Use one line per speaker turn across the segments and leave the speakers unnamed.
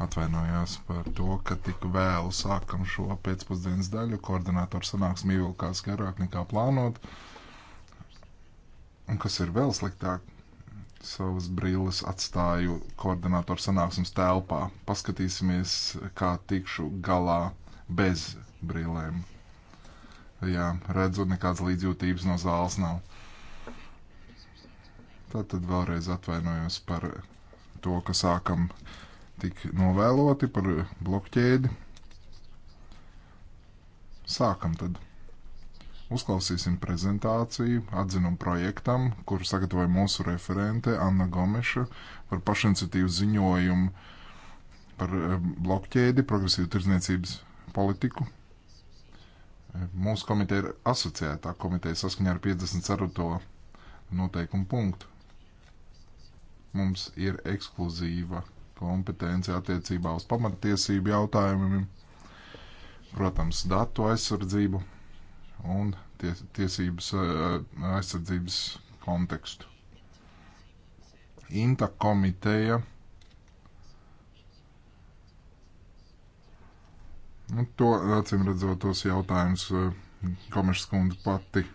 Atvainojos par to, ka tik vēlu sākam šo pēcpusdienas daļu. Koordinātoru sanāksmi ievilkās garāk nekā plānot. Un kas ir vēl sliktāk, savas brilles atstāju koordinātoru sanāksmes telpā. Paskatīsimies, kā tikšu galā bez brillēm. Jā, redzu, nekādas līdzjūtības no zāles nav. Tātad vēlreiz atvainojos par to, ka sākam tik novēloti par blokķēdi. Sākam tad. Uzklausīsim prezentāciju atzinumu projektam, kur sagatavoja mūsu referente Anna Gomeša par pašiniciatīvu ziņojumu par eh, blokķēdi, progresīvu tirdzniecības politiku. Eh, mūsu komiteja ir asociētā komiteja saskaņā ar 54. noteikumu punktu. Mums ir ekskluzīva kompetence attiecībā uz pamatiesību jautājumiem, protams, datu aizsardzību un ties, tiesības eh, aizsardzības kontekstu. Inta komiteja nu, to acīm redzot tos jautājumus eh, Komešs kundze pati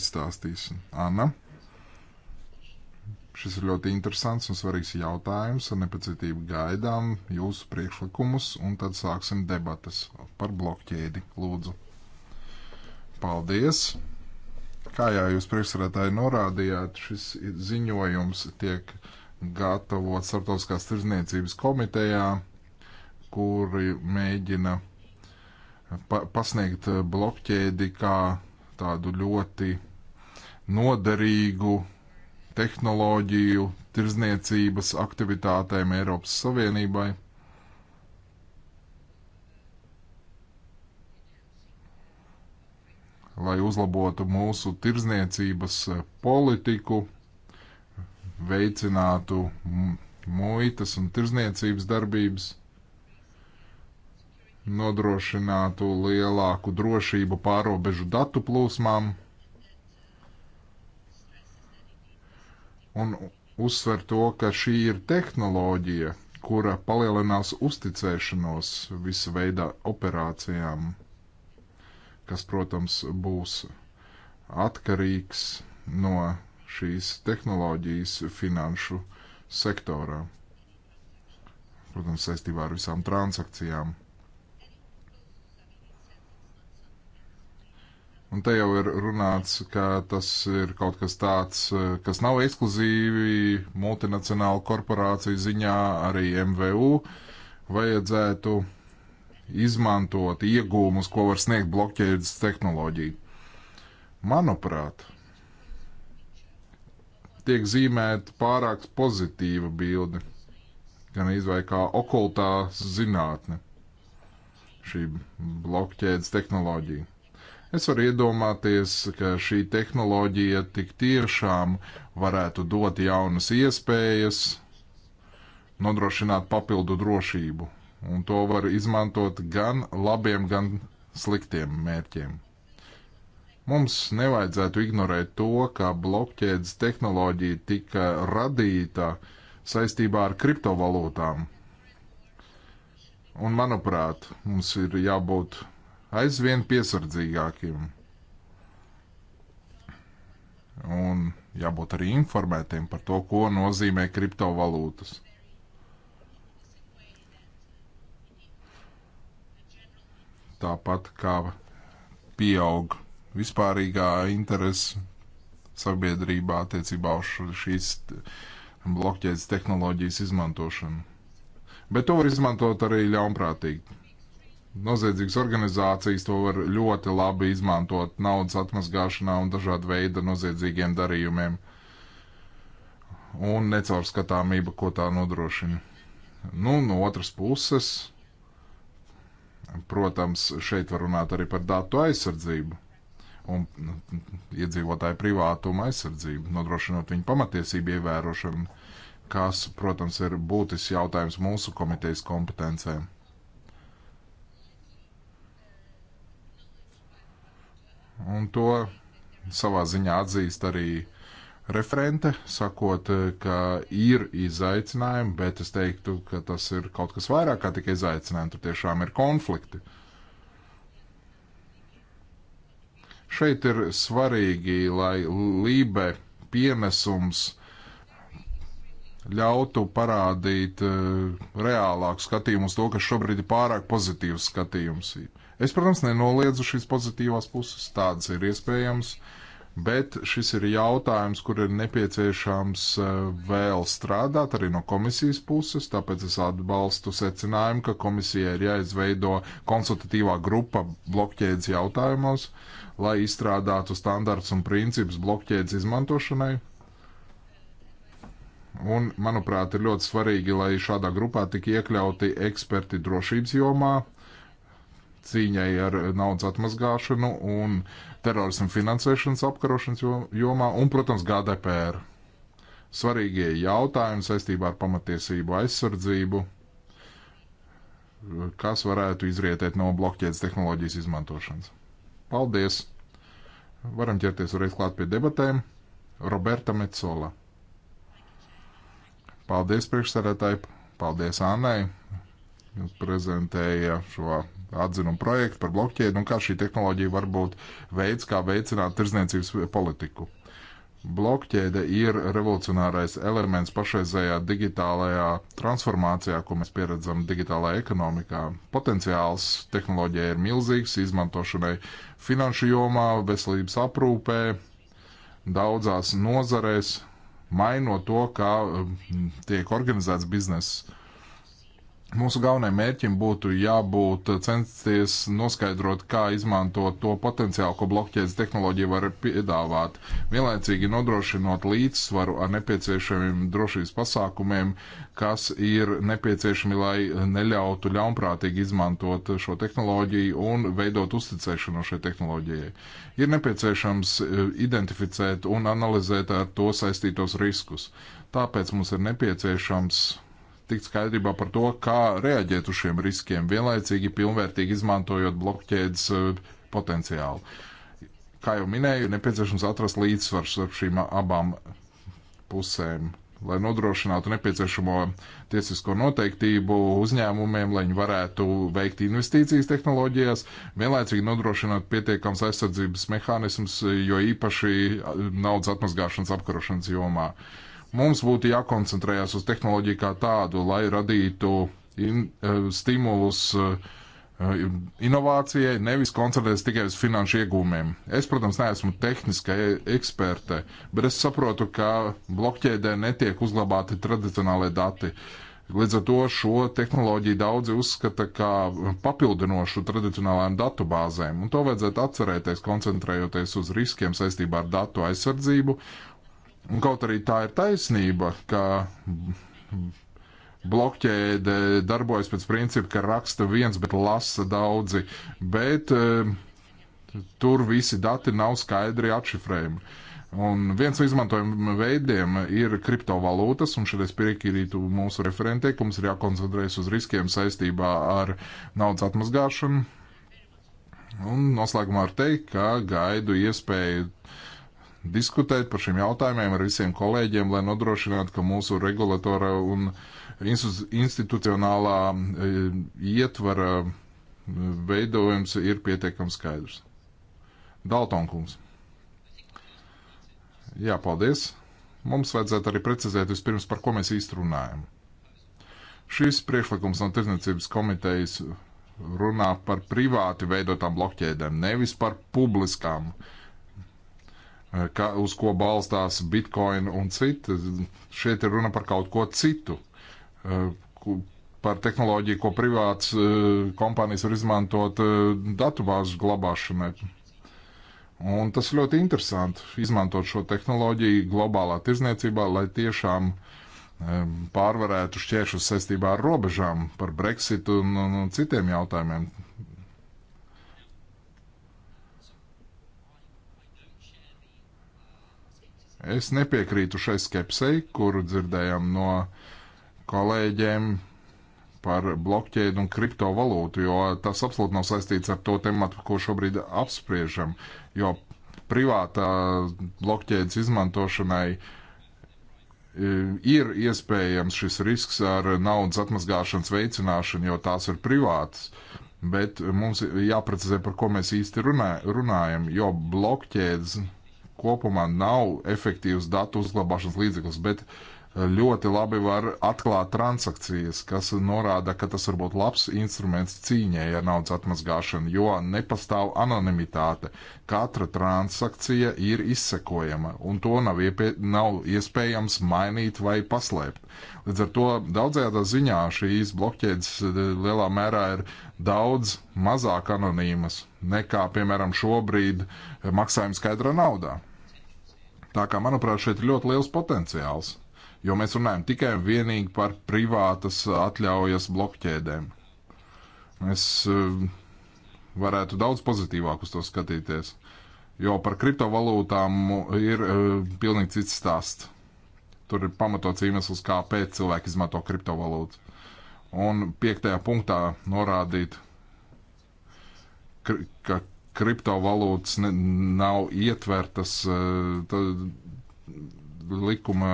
izstāstīs. Anna. Šis ir ļoti interesants un svarīgs jautājums. Ar nepacietību gaidām jūsu priekšlikumus un tad sāksim debatas par blokķēdi. Lūdzu. Paldies! Kā jau jūs priekšsarētāji norādījāt, šis ziņojums tiek gatavots Startautiskās tirzniecības komitejā, kuri mēģina pa pasniegt blokķēdi kā tādu ļoti noderīgu tehnoloģiju tirzniecības aktivitātēm Eiropas Savienībai. Lai uzlabotu mūsu tirzniecības eh, politiku, veicinātu muitas un tirzniecības darbības, nodrošinātu lielāku drošību pārobežu datu plūsmām un uzsver to, ka šī ir tehnoloģija, kura palielinās uzticēšanos visu veidu operācijām, kas, protams, būs atkarīgs no šīs tehnoloģijas finanšu sektorā. Protams, saistībā ar visām transakcijām. Un te jau ir runāts, ka tas ir kaut kas tāds, eh, kas nav ekskluzīvi multinacionāla korporācija ziņā, arī MVU vajadzētu izmantot iegūmus, ko var sniegt blokķēdes tehnoloģija. Manuprāt, tiek zīmēta pārāk pozitīva bilde, gan izvairāk kā okultā zinātne, šī blokķēdes tehnoloģija Es varu iedomāties, ka šī tehnoloģija tik tiešām varētu dot jaunas iespējas, nodrošināt papildu drošību, un to var izmantot gan labiem, gan sliktiem mērķiem. Mums nevajadzētu ignorēt to, ka blokķēdes tehnoloģija tika radīta saistībā ar kriptovalūtām. Un, manuprāt, mums ir jābūt aizvien piesardzīgākiem. Un jābūt arī informētiem par to, ko nozīmē kriptovalūtas. Tāpat kā pieaug vispārīgā interese sabiedrībā attiecībā uz šīs blokķēdes tehnoloģijas izmantošanu. Bet to var izmantot arī ļaunprātīgi. Noziedzīgas organizācijas to var ļoti labi izmantot naudas atmazgāšanā un dažāda veida noziedzīgiem darījumiem un necaurskatāmība, ko tā nodrošina. Nu, no otras puses, protams, šeit var runāt arī par datu aizsardzību un nu, iedzīvotāju privātumu aizsardzību, nodrošinot viņu pamatiesību ievērošanu, kas, protams, ir būtisks jautājums mūsu komitejas kompetencēm. un to savā ziņā atzīst arī referente, sakot, ka ir izaicinājumi, bet es teiktu, ka tas ir kaut kas vairāk kā tikai izaicinājumi, tur tiešām ir konflikti. Šeit ir svarīgi, lai lībe pienesums ļautu parādīt uh, reālāku skatījumu uz to, kas šobrīd ir pārāk pozitīvs skatījums. Uh, Es, protams, nenoliedzu šīs pozitīvās puses, tādas ir iespējams, bet šis ir jautājums, kur ir nepieciešams eh, vēl strādāt arī no komisijas puses, tāpēc es atbalstu secinājumu, ka komisija ir jāizveido konsultatīvā grupa blokķēdes jautājumos, lai izstrādātu standarts un principus blokķēdes izmantošanai. Un, manuprāt, ir ļoti svarīgi, lai šādā grupā tik iekļauti eksperti drošības jomā, cīņai ar naudas atmazgāšanu un terorismu finansēšanas apkarošanas jomā un, protams, GDPR. Svarīgie jautājumi saistībā ar pamatiesību aizsardzību, kas varētu izrietēt no blokķēdes tehnoloģijas izmantošanas. Paldies! Varam ķerties uzreiz klāt pie debatēm. Roberta Metzola. Paldies priekšsēdētāji, paldies Annai. Jūs prezentēja šo atzinumu projektu par blokķēdi un kā šī tehnoloģija var būt veids, kā veicināt tirzniecības politiku. Blokķēde ir revolucionārais elements pašreizējā digitālajā transformācijā, ko mēs pieredzam digitālajā ekonomikā. Potenciāls tehnoloģijai ir milzīgs, izmantošanai finanšu jomā, veselības aprūpē, daudzās nozarēs, mainot to, kā mm, tiek organizēts bizness Mūsu galvenajam mērķim būtu jābūt censties noskaidrot, kā izmantot to potenciālu, ko blokķēdes tehnoloģija var piedāvāt, vienlaicīgi nodrošinot līdzsvaru ar nepieciešamiem drošības pasākumiem, kas ir nepieciešami, lai neļautu ļaunprātīgi izmantot šo tehnoloģiju un veidot uzticēšanu šai tehnoloģijai. Ir nepieciešams e, identificēt un analizēt ar to saistītos riskus. Tāpēc mums ir nepieciešams tikt skaidrībā par to, kā reaģēt uz šiem riskiem, vienlaicīgi pilnvērtīgi izmantojot blokķēdes eh, potenciālu. Kā jau minēju, nepieciešams atrast līdzsvars starp šīm abām pusēm, lai nodrošinātu nepieciešamo tiesisko noteiktību uzņēmumiem, lai viņi varētu veikt investīcijas tehnoloģijās, vienlaicīgi nodrošināt pietiekams aizsardzības mehānisms, jo īpaši naudas atmazgāšanas apkarošanas jomā. Uh, Mums būtu jākoncentrējas uz tehnoloģiju kā tādu, lai radītu in, e, stimulus e, inovācijai, nevis koncentrēties tikai uz finanšu iegūmiem. Es, protams, neesmu tehniska e, eksperte, bet es saprotu, ka blokķēdē netiek uzglabāti tradicionālai dati. Līdz ar to šo tehnoloģiju daudzi uzskata kā papildinošu tradicionālām datubāzēm, un to vajadzētu atcerēties, koncentrējoties uz riskiem saistībā ar datu aizsardzību Kaut arī tā ir taisnība, ka blokķēde darbojas pēc principa, ka raksta viens, bet lasa daudzi, bet eh, tur visi dati nav skaidri atšifrējumi. Un viens no izmantojuma veidiem ir kriptovalūtas, un šeit es piekrītu mūsu referentē, ka mums ir jākoncentrējas uz riskiem saistībā ar naudas atmazgāšanu. Un noslēgumā var teikt, ka gaidu iespēju uh, diskutēt par šiem jautājumiem ar visiem kolēģiem, lai nodrošinātu, ka mūsu regulatora un institucionālā e, ietvara e, veidojums ir pietiekams skaidrs. Daltonkungs. Jā, paldies. Mums vajadzētu arī precizēt vispirms, par ko mēs īsti runājam. Šis priekšlikums no Tirzniecības komitejas runā par privāti veidotām blokķēdēm, nevis par publiskām uh, Eh, ka, uz ko balstās Bitcoin un citi. Šeit ir runa par kaut ko citu, eh, par tehnoloģiju, ko privāts eh, kompānijas var izmantot datubāžu glabāšanai. Un tas ļoti interesanti, izmantot šo tehnoloģiju globālā tirzniecībā, lai tiešām pārvarētu šķēršus saistībā ar robežām, par Brexit un, un, un citiem jautājumiem. Es nepiekrītu šai skepsei, kuru dzirdējām no kolēģiem par blokķēdu un kriptovalūtu, jo tas absolūti nav saistīts ar to tematu, ko šobrīd apspriežam, jo privātā blokķēdes izmantošanai e, ir iespējams šis risks ar naudas atmazgāšanas veicināšanu, jo tās ir privātas. Bet mums jāprecizē, par ko mēs īsti runājam, jo blokķēdes kopumā nav efektīvs datu uzglabāšanas līdzeklis, bet eh, ļoti labi var atklāt transakcijas, kas norāda, ka tas var būt labs instruments cīņai ar naudas atmazgāšanu, jo nepastāv anonimitāte. Katra transakcija ir izsekojama, un to nav, iepie, nav iespējams mainīt vai paslēpt. Līdz ar to daudzējādā ziņā šīs blokķēdes eh, lielā mērā ir daudz mazāk anonīmas nekā, piemēram, šobrīd eh, maksājuma skaidrā naudā. Tā kā, manuprāt, šeit ir ļoti liels potenciāls, jo mēs runājam tikai un vienīgi par privātas atļaujas blokķēdēm. Es eh, varētu daudz pozitīvāk uz to skatīties, jo par kriptovalūtām ir eh, pilnīgi cits stāsts. Tur ir pamatots iemesls, kāpēc cilvēki izmanto kriptovalūtu. Un piektajā punktā norādīt, ka kriptovalūtas nav ietvertas e, tā, likuma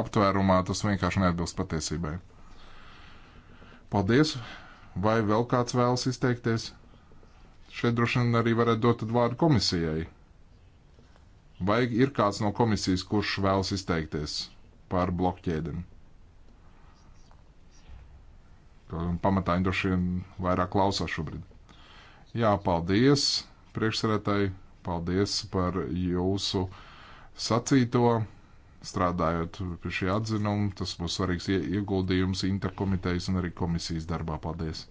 aptvērumā, tas vienkārši neatbilst patiesībai. Paldies! Vai vēl kāds vēlas izteikties? Šeit droši vien arī varētu dot vārdu komisijai. Vai ir kāds no komisijas, kurš vēlas izteikties par blokķēdēm? Pamatā viņi droši vien vairāk klausās šobrīd. Jā, paldies priekšsarētāji, paldies par jūsu sacīto. Strādājot pie šī atzinuma, tas būs svarīgs ieguldījums interkomitejas un arī komisijas darbā. Paldies!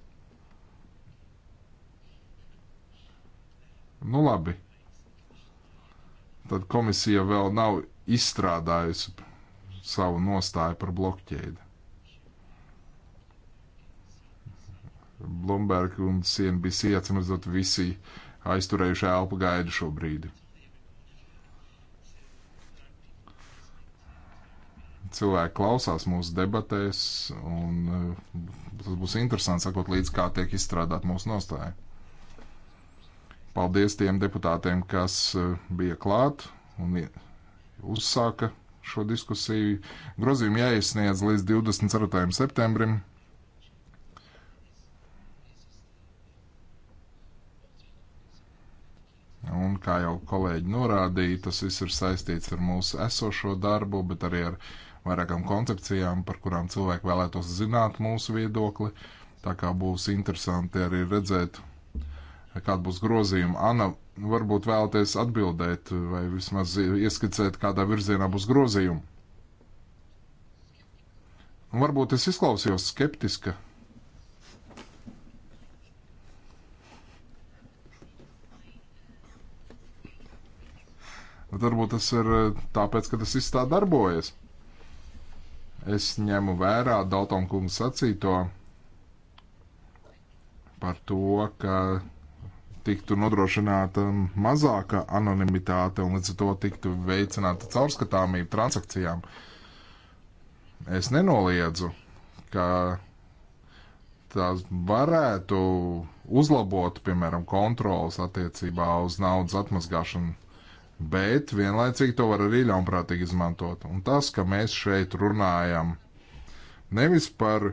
Nu labi. Tad komisija vēl nav izstrādājusi savu nostāju par blokķēdi. Blomberg un CNBC, atcīmredzot, visi aizturējuši elpu gaidu šobrīd. Cilvēki klausās mūsu debatēs, un uh, tas būs interesanti sakot līdz, kā tiek izstrādāt mūsu nostāja. Paldies tiem deputātiem, kas uh, bija klāt un uzsāka šo diskusiju. Grozījumi jāiesniedz līdz 24. septembrim. un, kā jau kolēģi norādīja, tas viss ir saistīts ar mūsu esošo darbu, bet arī ar vairākām koncepcijām, par kurām cilvēki vēlētos zināt mūsu viedokli. Tā kā būs interesanti arī redzēt, kāda būs grozījuma. Ana, varbūt vēlaties atbildēt vai vismaz ieskicēt, kādā virzienā būs grozījumi. Un varbūt es izklausījos skeptiski. Bet varbūt tas ir e, tāpēc, ka tas viss tā darbojas. Es ņemu vērā Daltona kungu sacīto par to, ka tiktu nodrošināta mazāka anonimitāte un līdz ar to tiktu veicināta caurskatāmība transakcijām. Es nenoliedzu, ka tās varētu uzlabot, piemēram, kontrolas attiecībā uz naudas atmazgāšanu bet vienlaicīgi to var arī ļaunprātīgi izmantot. Un tas, ka mēs šeit runājam nevis par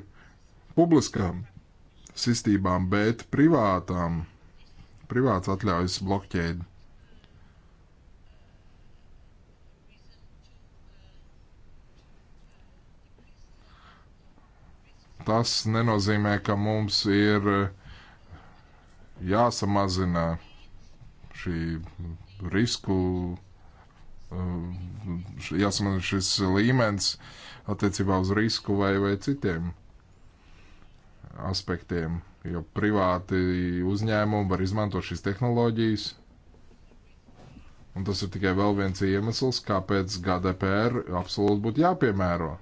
publiskām sistībām, bet privātām, privāts atļaujas blokķēdi. Tas nenozīmē, ka mums ir jāsamazina šī risku. Um, Jāsamana šis līmenis attiecībā uz risku vai, vai citiem aspektiem, jo privāti uzņēmumi var izmantot šīs tehnoloģijas. Un tas ir tikai vēl viens iemesls, kāpēc GDPR absolūti būtu jāpiemēro.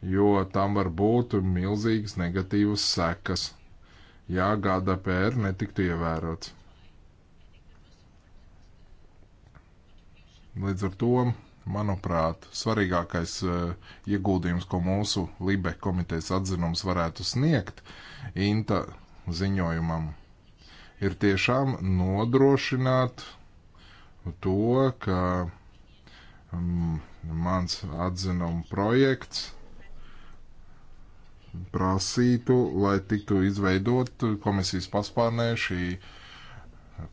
Jo tam var būt milzīgas negatīvas sekas, ja GDPR netiktu ievērots. Līdz ar to, manuprāt, svarīgākais eh, ieguldījums, ko mūsu Libe komitejas atzinums varētu sniegt Inta ziņojumam, ir tiešām nodrošināt to, ka mm, mans atzinuma projekts prasītu, lai tiktu izveidot komisijas paspārnē šī uh,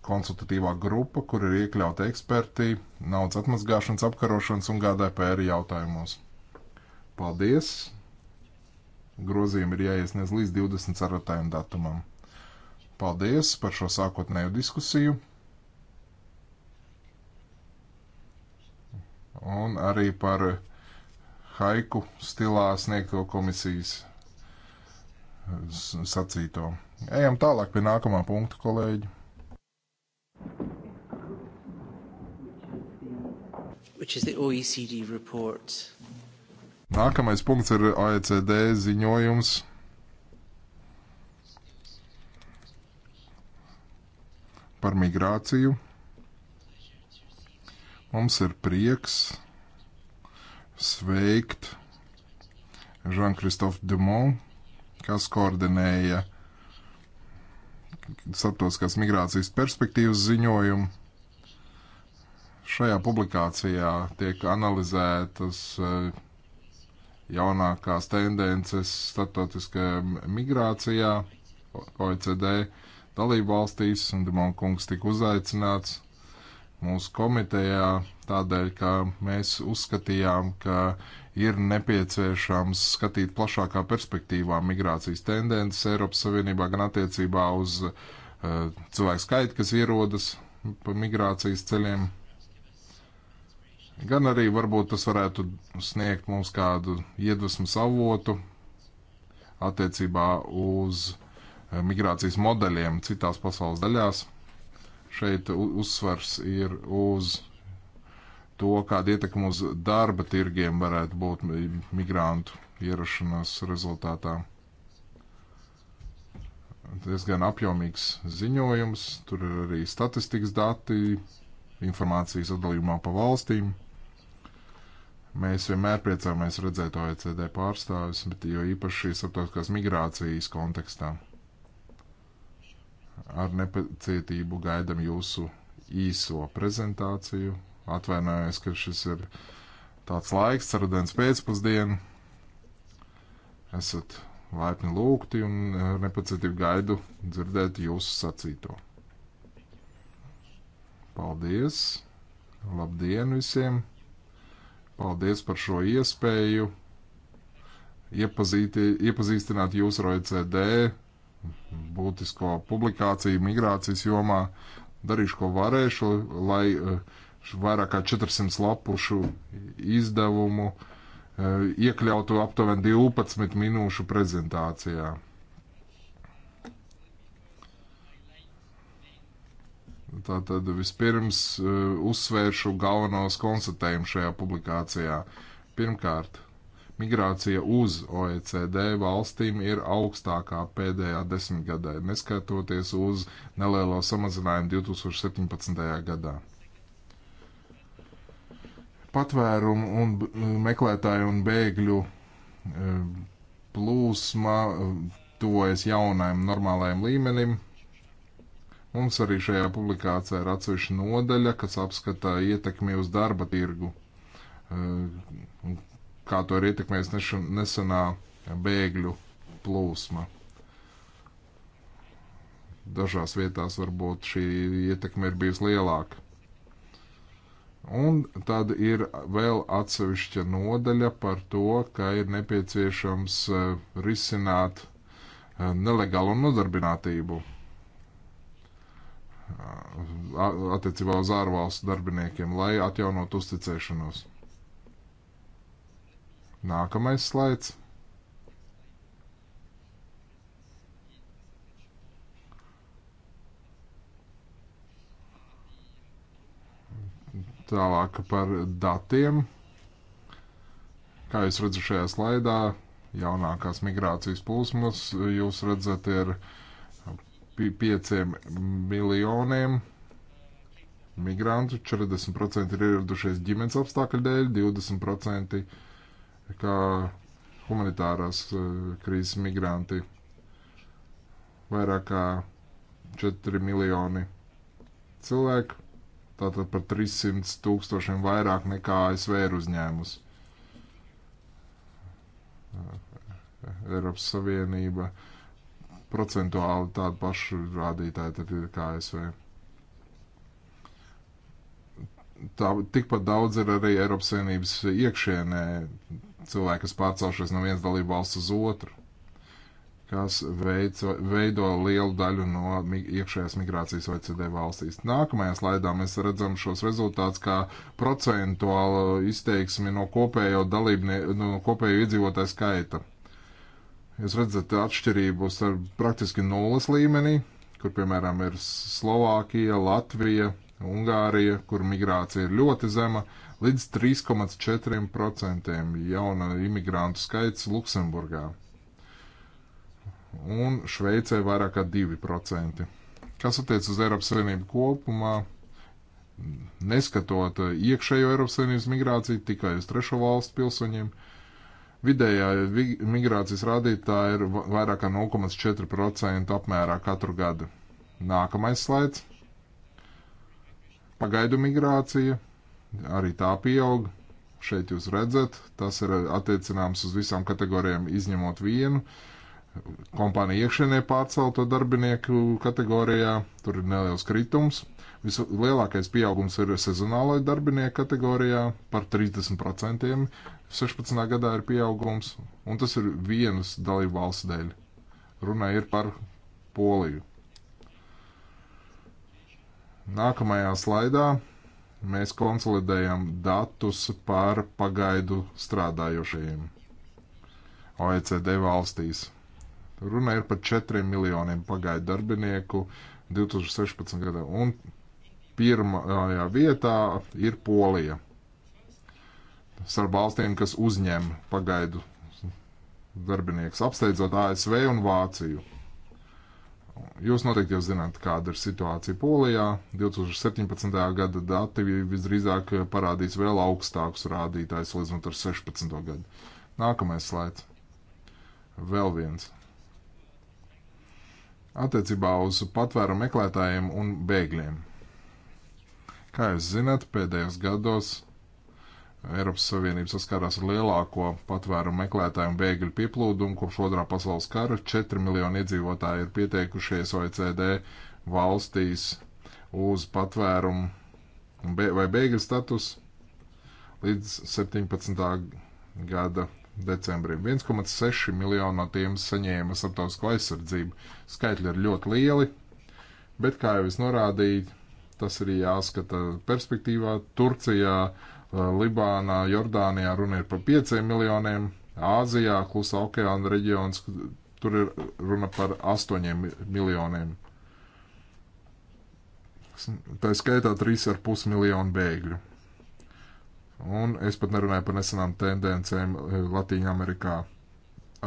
konsultatīvā grupa, kur ir iekļauta eksperti naudas atmazgāšanas, apkarošanas un GDPR jautājumos. Paldies! Grozījumi ir jāiesniedz līdz 24. datumam. Paldies par šo sākotnējo diskusiju un arī par haiku stilā sniegto komisijas sacīto. Ejam tālāk pie nākamā punkta, kolēģi. E Nākamais punkts ir OECD ziņojums. Par migrāciju. Mums ir prieks sveikt Jean-Christophe Dumont, kas koordinēja starptautiskās migrācijas perspektīvas ziņojumu. Šajā publikācijā tiek analizētas eh, jaunākās tendences starptautiskajā migrācijā OECD dalību valstīs, un Dimon kungs tika uzaicināts mūsu komitejā tādēļ, ka mēs uzskatījām, ka ir nepieciešams skatīt plašākā perspektīvā migrācijas tendences Eiropas Savienībā gan attiecībā uz uh, cilvēku skaitu, kas ierodas pa migrācijas ceļiem, gan arī varbūt tas varētu sniegt mums kādu iedvesmas avotu attiecībā uz uh, migrācijas modeļiem citās pasaules daļās. Šeit uzsvars ir uz uh, to, kāda ietekma uz darba tirgiem varētu būt migrantu ierašanās rezultātā. Diezgan apjomīgs ziņojums, tur ir arī statistikas dati, informācijas atdalījumā pa valstīm. Mēs vienmēr priecājamies redzēt OECD pārstāvis, bet jo īpaši starptautiskās migrācijas kontekstā. Ar nepacietību gaidam jūsu īso prezentāciju, Atvainojos, ka šis ir tāds laiks, rudens pēcpusdiena. Esat laipni lūgti un ar nepacietību gaidu dzirdēt jūsu sacīto. Paldies! Labdien visiem! Paldies par šo iespēju iepazīti, iepazīstināt jūs ar OECD būtisko publikāciju migrācijas jomā. Darīšu, ko varēšu, lai uh, vairāk kā 400 lapušu izdevumu e, iekļautu aptuveni 12 minūšu prezentācijā. Tātad vispirms e, uzsvēršu galvenos konstatējumus šajā publikācijā. Pirmkārt, migrācija uz OECD valstīm ir augstākā pēdējā desmitgadē, neskatoties uz nelielo samazinājumu 2017. gadā patvērumu un eh, meklētāju un bēgļu eh, plūsma eh, tuvojas jaunajam normālajam līmenim. Mums arī šajā publikācijā ir atsevišķa nodaļa, kas apskata ietekmi uz darba tirgu, kā to ir ietekmējis nesenā bēgļu plūsma. Dažās vietās varbūt šī ietekme ir bijusi lielāka. Un tad ir vēl atsevišķa nodaļa par to, ka ir nepieciešams e, risināt e, nelegālo nodarbinātību e, attiecībā uz ārvalstu darbiniekiem, lai atjaunot uzticēšanos. Nākamais slaids. Tālāk par datiem. Kā jūs redzat šajā slaidā, jaunākās migrācijas plūsmas jūs redzat ir 5 miljoniem migrantu, 40% ir ieradušies ģimenes apstākļu dēļ, 20% kā humanitārās e, krīzes migranti, vairāk kā 4 miljoni cilvēku Tātad par 300 tūkstošiem vairāk nekā ASV ir uzņēmus. Eiropas Savienība procentuāli tādu pašu rādītāju tad ir kā ASV. Tā, tikpat daudz ir arī Eiropas Savienības iekšienē cilvēki, kas pārcelšies no vienas dalību valsts uz otru kas veico, veido lielu daļu no iekšējās migrācijas OECD valstīs. Nākamajā slaidā mēs redzam šos rezultātus kā procentuālu izteiksmi no kopējo dalībnie, no kopējo iedzīvotāju skaita. Jūs redzat atšķirību starp praktiski nulles līmenī, kur piemēram ir Slovākija, Latvija, Ungārija, kur migrācija ir ļoti zema, līdz 3,4% jauna imigrantu skaits Luksemburgā un Šveicē vairāk kā 2%. Kas attiec uz Eiropas Savienību kopumā, neskatot iekšējo Eiropas Savienības migrāciju tikai uz trešo valstu pilsoņiem, vidējā migrācijas rādītāja ir vairāk kā 0,4% apmērā katru gadu. Nākamais slaids. Pagaidu migrācija arī tā pieaug. Šeit jūs redzat, tas ir attiecināms uz visām kategorijām izņemot vienu. Uh, kompānija iekšienē pārcelto darbinieku kategorijā, tur ir neliels kritums. Vislielākais pieaugums ir sezonālai darbinieku kategorijā par 30%. 16. gadā ir pieaugums, un tas ir vienas dalību valsts dēļ. Runa ir par Poliju. Nākamajā slaidā mēs konsolidējam datus par pagaidu strādājošajiem OECD valstīs. Runa ir par 4 miljoniem pagaidu darbinieku 2016. gadā. Un pirmajā vietā ir Polija. Starp valstīm, kas uzņem pagaidu darbinieks, apsteidzot ASV un Vāciju. Jūs noteikti jau zināt, kāda ir situācija Polijā. 2017. gada dati visdrīzāk parādīs vēl augstākus rādītājus, līdz ar 16. gadu. Nākamais slaids. Vēl viens attiecībā uz patvēru meklētājiem un bēgļiem. Kā jūs zināt, pēdējos gados Eiropas Savienība saskārās ar lielāko patvēru meklētāju un bēgļu pieplūdumu kopš otrā pasaules kara. 4 miljoni iedzīvotāji ir pieteikušies OECD valstīs uz patvērumu vai bēgļu status līdz 17. gada decembrim. 1,6 miljonu no tiem saņēma starptautisko aizsardzību. Skaitļi ir ļoti lieli, bet, kā jau es norādīju, tas arī jāskata perspektīvā. Turcijā, eh, Libānā, Jordānijā runa ir par 5 miljoniem, Āzijā, Klusā okeāna reģions, tur ir runa par 8 miljoniem. Tā skaitā 3,5 miljonu bēgļu. Un es pat nerunāju par nesenām tendencēm eh, Latvijā, Amerikā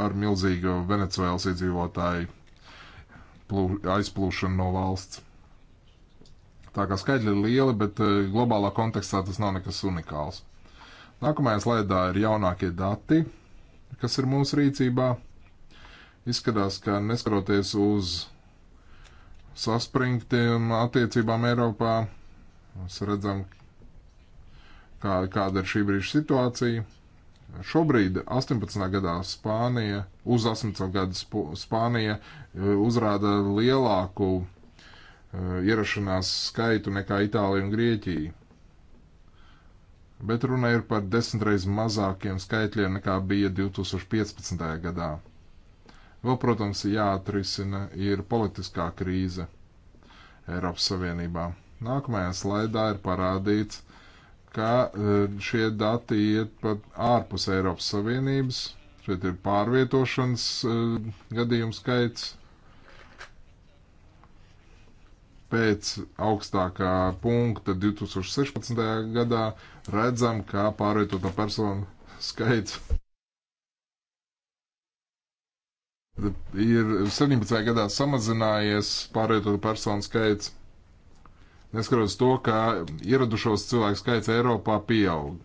ar milzīgu Venecijas iedzīvotāju aizplūšanu no valsts. Tā kā skaidri ir liela, bet eh, globālā kontekstā tas nav nekas unikāls. Nākamajā slaidā ir jaunākie dati, kas ir mūsu rīcībā. Izskatās, ka neskaroties uz saspringtiem attiecībām Eiropā, mēs redzam, kā, kāda ir šī brīža situācija. Šobrīd 18. gadā Spānija, uz 18. gadu Spānija eh, uzrāda lielāku eh, ierašanās skaitu nekā Itālija un Grieķija. Bet runa ir par desmitreiz mazākiem skaitļiem nekā bija 2015. gadā. Vēl, protams, jāatrisina ir politiskā krīze Eiropas Savienībā. Nākamajā slaidā ir parādīts, ka e, šie dati iet pat ārpus Eiropas Savienības. Šeit ir pārvietošanas e, gadījumu skaits. Pēc augstākā punkta 2016. gadā redzam, kā pārvietotā persona skaits ir 17. gadā samazinājies pārvietotu personu skaits neskatoties to, ka ieradušos cilvēku skaits Eiropā pieaug.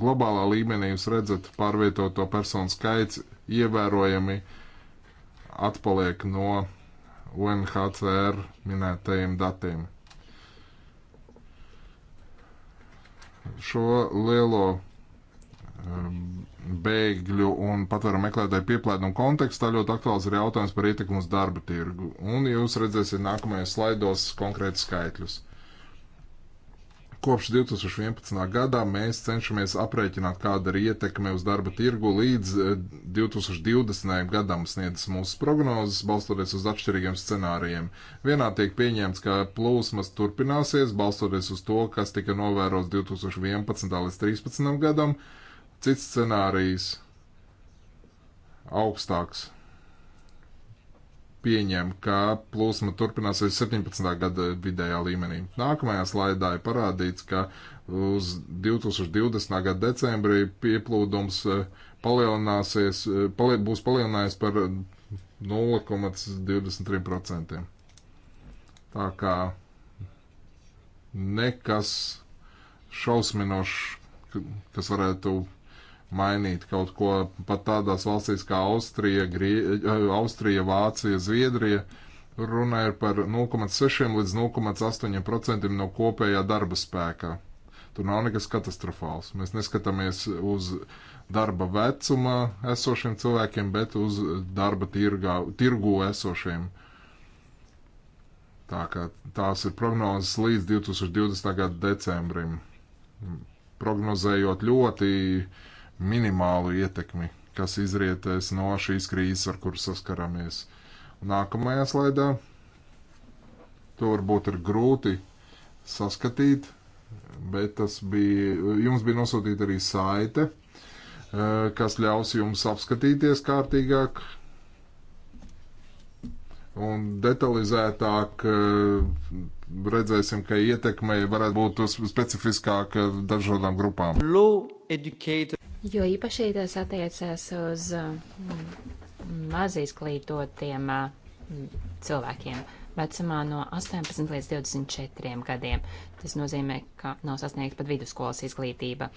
Globālā līmenī jūs redzat, pārvietoto personu skaits ievērojami atpaliek no UNHCR minētajiem datiem. Šo lielo Ehm, bēgļu un patvaru meklētāju pieplēdumu kontekstā ļoti aktuāls ir jautājums par ietekmu uz darba tirgu. Un jūs redzēsiet nākamajos slaidos konkrēti skaitļus. Kopš 2011. gadā mēs cenšamies aprēķināt, kāda ir ietekme uz darba tirgu līdz 2020. Eh, gadam sniedzas mūsu prognozes, balstoties uz atšķirīgiem scenārijiem. Vienā tiek pieņemts, ka plūsmas turpināsies, balstoties uz to, kas tika novērots 2011. līdz 2013. gadam, Cits scenārijs - augstāks. Pieņem, ka plūsma turpināsies 17. gada vidējā līmenī. Nākamajā slaidā ir parādīts, ka uz 2020. gada decembrī pieplūdums eh, palielināsies, eh, palie, būs palielinājies par 0,23%. Tā kā nekas šausminošs, kas varētu mainīt kaut ko pat tādās valstīs kā Austrija, Grie, eh, Austrija Vācija, Zviedrija. Runa ir par 0,6 līdz 0,8% no kopējā darba spēka. Tur nav nekas katastrofāls. Mēs neskatāmies uz darba vecumā esošiem cilvēkiem, bet uz darba tirgā, tirgu esošiem. Tā kā tās ir prognozes līdz 2020. gada decembrim. Prognozējot ļoti uh, minimālu ietekmi, kas izrietēs no šīs krīzes, ar kur saskaramies. Nākamajā slaidā to varbūt ir grūti saskatīt, bet tas bija, jums bija nosūtīta arī saite, eh, kas ļaus jums apskatīties kārtīgāk un detalizētāk eh, redzēsim, ka ietekme varētu būt specifiskāka eh, dažādām grupām.
Jo īpaši tas attiecās uz mm, maz izglītotiem mm, cilvēkiem vecumā no 18 līdz 24 gadiem. Tas nozīmē, ka nav sasniegta pat vidusskolas izglītība.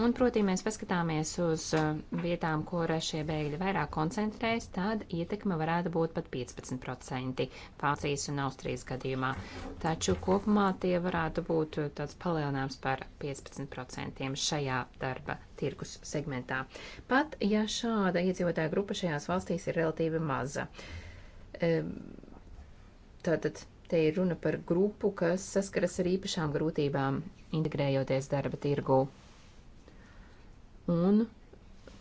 Un, protī, mēs paskatāmies uz uh, vietām, kur šie bēgļi vairāk koncentrējas, tad ietekme varētu būt pat 15% Vācijas un Austrijas gadījumā. Taču kopumā tie varētu būt uh, tāds palielinājums par 15% šajā darba tirgus segmentā. Pat ja šāda iedzīvotāja grupa šajās valstīs ir relatīvi maza Tātad te ir runa par grupu, kas saskaras ar īpašām grūtībām, integrējoties darba tirgū. Un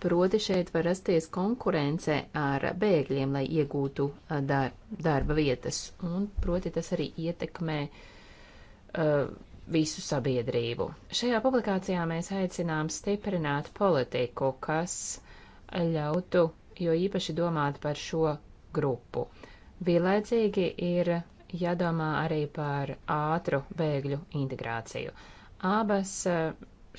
proti šeit var rasties konkurence ar bēgļiem, lai iegūtu dar, darba vietas, un proti tas arī ietekmē uh, visu sabiedrību. Šajā publikācijā mēs aicinām stiprināt politiku, kas ļautu jo īpaši domāt par šo grupu. Uh, Vienlaicīgi ir jādomā arī par ātru bēgļu integrāciju. Abas eh,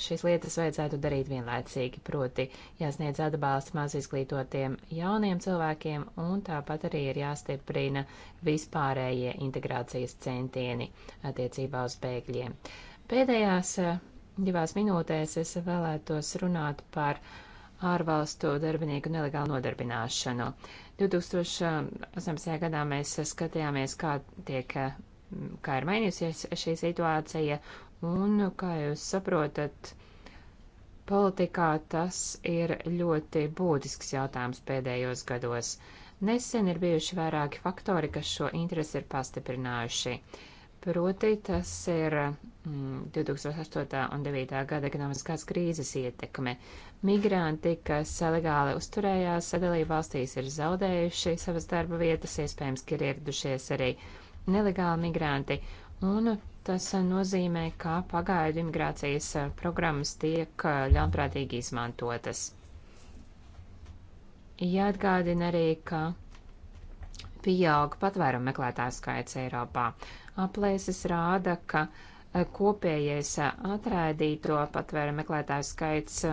šīs lietas vajadzētu darīt vienlaicīgi, proti jāsniedz atbalsts maz izglītotiem jauniem cilvēkiem un tāpat arī ir jāstiprina vispārējie integrācijas centieni attiecībā uz bēgļiem. Pēdējās eh, divās minūtēs es vēlētos runāt par uh, ārvalstu darbinieku nelegālu nodarbināšanu. 2018. gadā mēs skatījāmies, kā, tiek, kā ir mainījusies šī situācija, un, kā jūs saprotat, politikā tas ir ļoti būtisks jautājums pēdējos gados. Nesen ir bijuši vairāki faktori, kas šo interesi ir pastiprinājuši. Proti, tas ir 2008. Mm, un 2009. gada ekonomiskās krīzes ietekme. Migranti, kas legāli uzturējās sadalību valstīs, ir zaudējuši savas darba vietas, iespējams, ka ir ieradušies arī nelegāli migranti. Un tas nozīmē, ka pagaidu imigrācijas programmas tiek ļaunprātīgi izmantotas. Jāatgādina arī, ka pieaug patvērumu meklētāju skaits Eiropā. Aplēses rāda, ka kopējais atraidīto patvērumu meklētāju skaits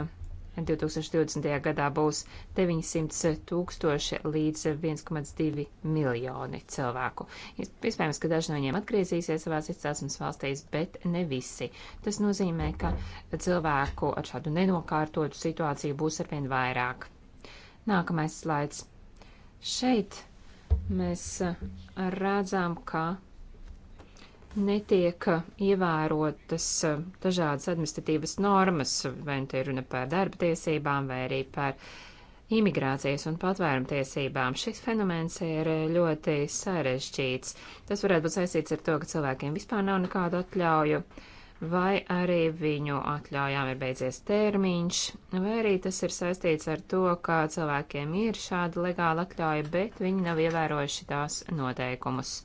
2020. gadā būs 900 tūkstoši līdz 1,2 miljoni cilvēku. Iespējams, ka daži no viņiem atgriezīsies savās izcelsmes valstīs, bet ne visi. Tas nozīmē, ka cilvēku ar šādu nenokārtotu situāciju būs arvien vairāk. Nākamais slaids. Šeit mēs redzam, ka netiek ievērotas dažādas administratīvas normas, vai nu te ir runa par darba tiesībām, vai arī par imigrācijas un patvērumu tiesībām. Šis fenomens ir ļoti sarežģīts. Tas varētu būt saistīts ar to, ka cilvēkiem vispār nav nekādu atļauju, vai arī viņu atļaujām ir beidzies termiņš, vai arī tas ir saistīts ar to, ka cilvēkiem ir šāda legāla atļauja, bet viņi nav ievērojuši tās noteikumus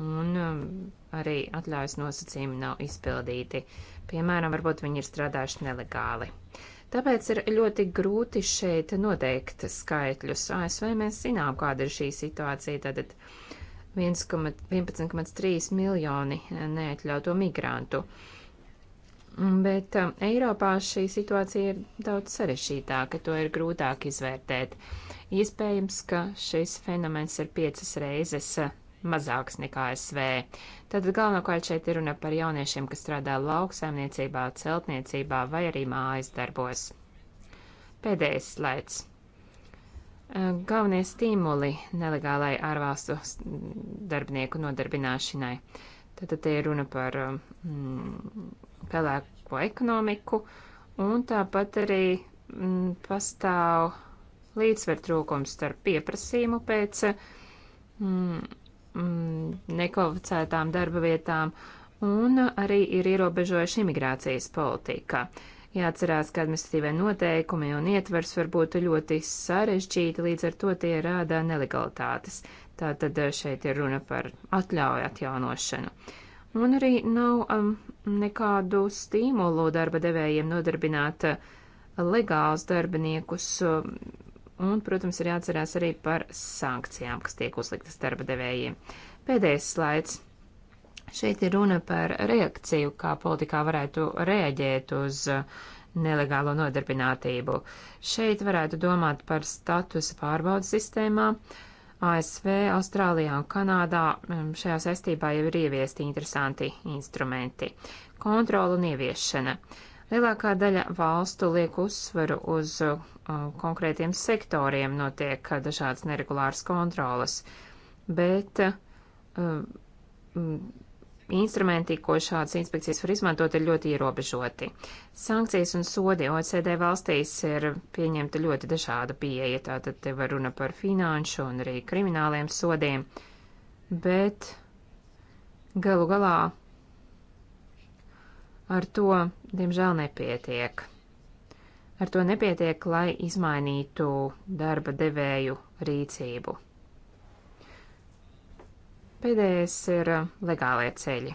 un eh, arī atļaujas nosacījumi nav izpildīti. Piemēram, varbūt viņi ir strādājuši nelegāli. Tāpēc ir ļoti grūti šeit noteikt skaitļus. ASV mēs zinām, kāda ir šī situācija. Tātad 11,3 miljoni neatļautu migrantu. Bet eh, Eiropā šī situācija ir daudz sarežģītāka, to ir grūtāk izvērtēt. Iespējams, ka šis fenomens ir piecas reizes mazāks nekā ASV. Tad galvenokārt šeit ir runa par jauniešiem, kas strādā lauksaimniecībā, celtniecībā vai arī mājas darbos. Pēdējais slaids. Galvenie stimuli nelegālai ārvalstu darbinieku nodarbināšanai. Tad te ir runa par mm, pelēko ekonomiku, un tāpat arī mm, pastāv līdzsver trūkums starp pieprasījumu pēc mm, mm, nekvalificētām darba vietām, un arī ir ierobežojuša imigrācijas politika. Jāatcerās, ka administratīvie noteikumi un ietvers var būt ļoti sarežģīti, līdz ar to tie rāda nelegalitātes. Tātad eh, šeit ir runa par atļauju atjaunošanu. Un arī nav um, nekādu stīmulu darba devējiem nodarbināt eh, legālus darbiniekus um, Un, protams, ir jāatcerās arī par sankcijām, kas tiek uzliktas darba devējiem. Pēdējais slaids. Šeit ir runa par reakciju, kā politikā varētu reaģēt uz uh, nelegālo nodarbinātību. Šeit varētu domāt par statusa pārbaudas sistēmām. ASV, Austrālijā un Kanādā um, šajā saistībā jau ir ieviesti interesanti instrumenti. Kontrola un ieviešana. Lielākā daļa valstu liek uzsvaru uz uh, konkrētiem sektoriem notiek dažādas neregulāras kontrolas, bet instrumenti, ko šādas inspekcijas var izmantot, ir ļoti ierobežoti. Sankcijas un sodi OECD valstīs ir pieņemta ļoti dažāda pieeja, tātad te var runa par finanšu un arī krimināliem sodiem, bet galu galā ar to, diemžēl, nepietiek. Ar to nepietiek, lai izmainītu darba devēju rīcību. Pēdējais ir legālie ceļi.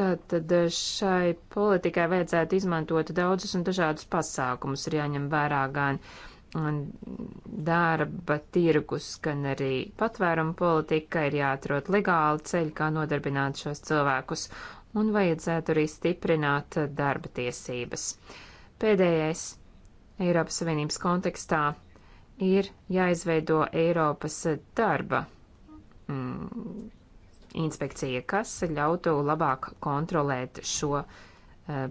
Tātad šai politikai vajadzētu izmantot daudzus un dažādus pasākumus. Ir jāņem vērā gan darba tirgus, gan arī patvērumu politika, ir jāatrod legāli ceļi, kā nodarbināt šos cilvēkus, un vajadzētu arī stiprināt darba tiesības. Pēdējais Eiropas Savienības kontekstā ir jāizveido Eiropas darba mm, inspekcija, kas ļautu labāk kontrolēt šo, eh,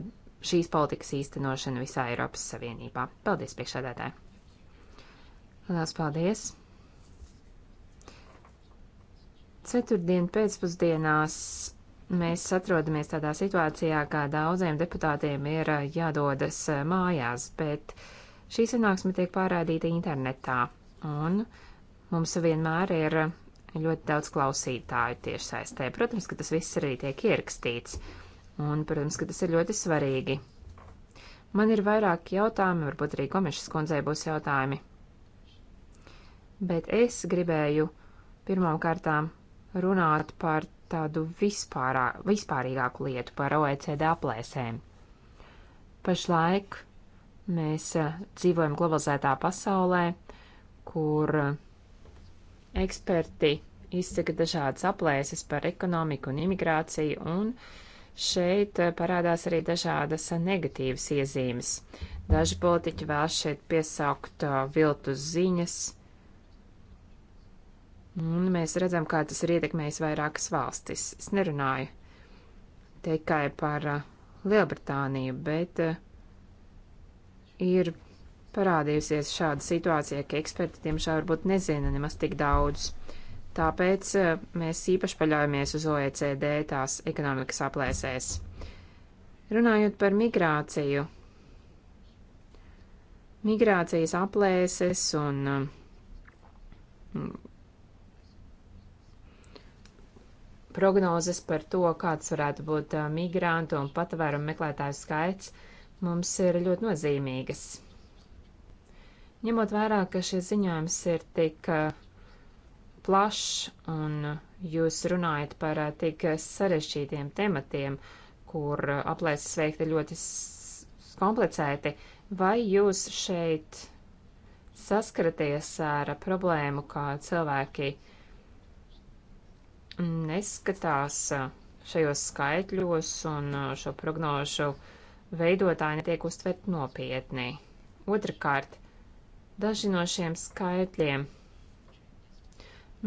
šīs politikas īstenošanu visā Eiropas Savienībā. Paldies, priekšādātāji! Lielas paldies! Ceturtdien pēcpusdienās Mēs atrodamies tādā situācijā, kā daudziem deputātiem ir eh, jādodas eh, mājās, bet šī sanāksme tiek pārādīta internetā, un mums vienmēr ir ļoti daudz klausītāju tiešsaistē. Protams, ka tas viss arī tiek ierakstīts, un, protams, ka tas ir ļoti svarīgi. Man ir vairāki jautājumi, varbūt arī komešas kundzei būs jautājumi, bet es gribēju pirmām kārtām runāt par tādu vispārā, vispārīgāku lietu par OECD aplēsēm. Pašlaik mēs eh, dzīvojam globalizētā pasaulē, kur eh, eksperti izsaka dažādas aplēses par ekonomiku un imigrāciju, un šeit eh, parādās arī dažādas negatīvas iezīmes. Daži politiķi vēl šeit piesaukt viltus ziņas Un mēs redzam, kā tas ir ietekmējis vairākas valstis. Es nerunāju tikai par uh, Lielbritāniju, bet uh, ir parādījusies šāda situācija, ka eksperti tiemžēl varbūt nezina nemaz tik daudz. Tāpēc uh, mēs īpaši paļaujamies uz OECD tās ekonomikas aplēsēs. Runājot par migrāciju, migrācijas aplēses un prognozes par to, kāds varētu būt migrantu un patvērumu meklētāju skaits, mums ir ļoti nozīmīgas. Ņemot vērā, ka šis ziņojums ir tik plašs un jūs runājat par tik sarežģītiem tematiem, kur aplēses veikta ļoti komplicēti, vai jūs šeit saskaraties ar problēmu, kā cilvēki uh, neskatās šajos skaitļos un šo prognožu veidotāji netiek uztvert nopietni. Otrakārt, daži no šiem skaitļiem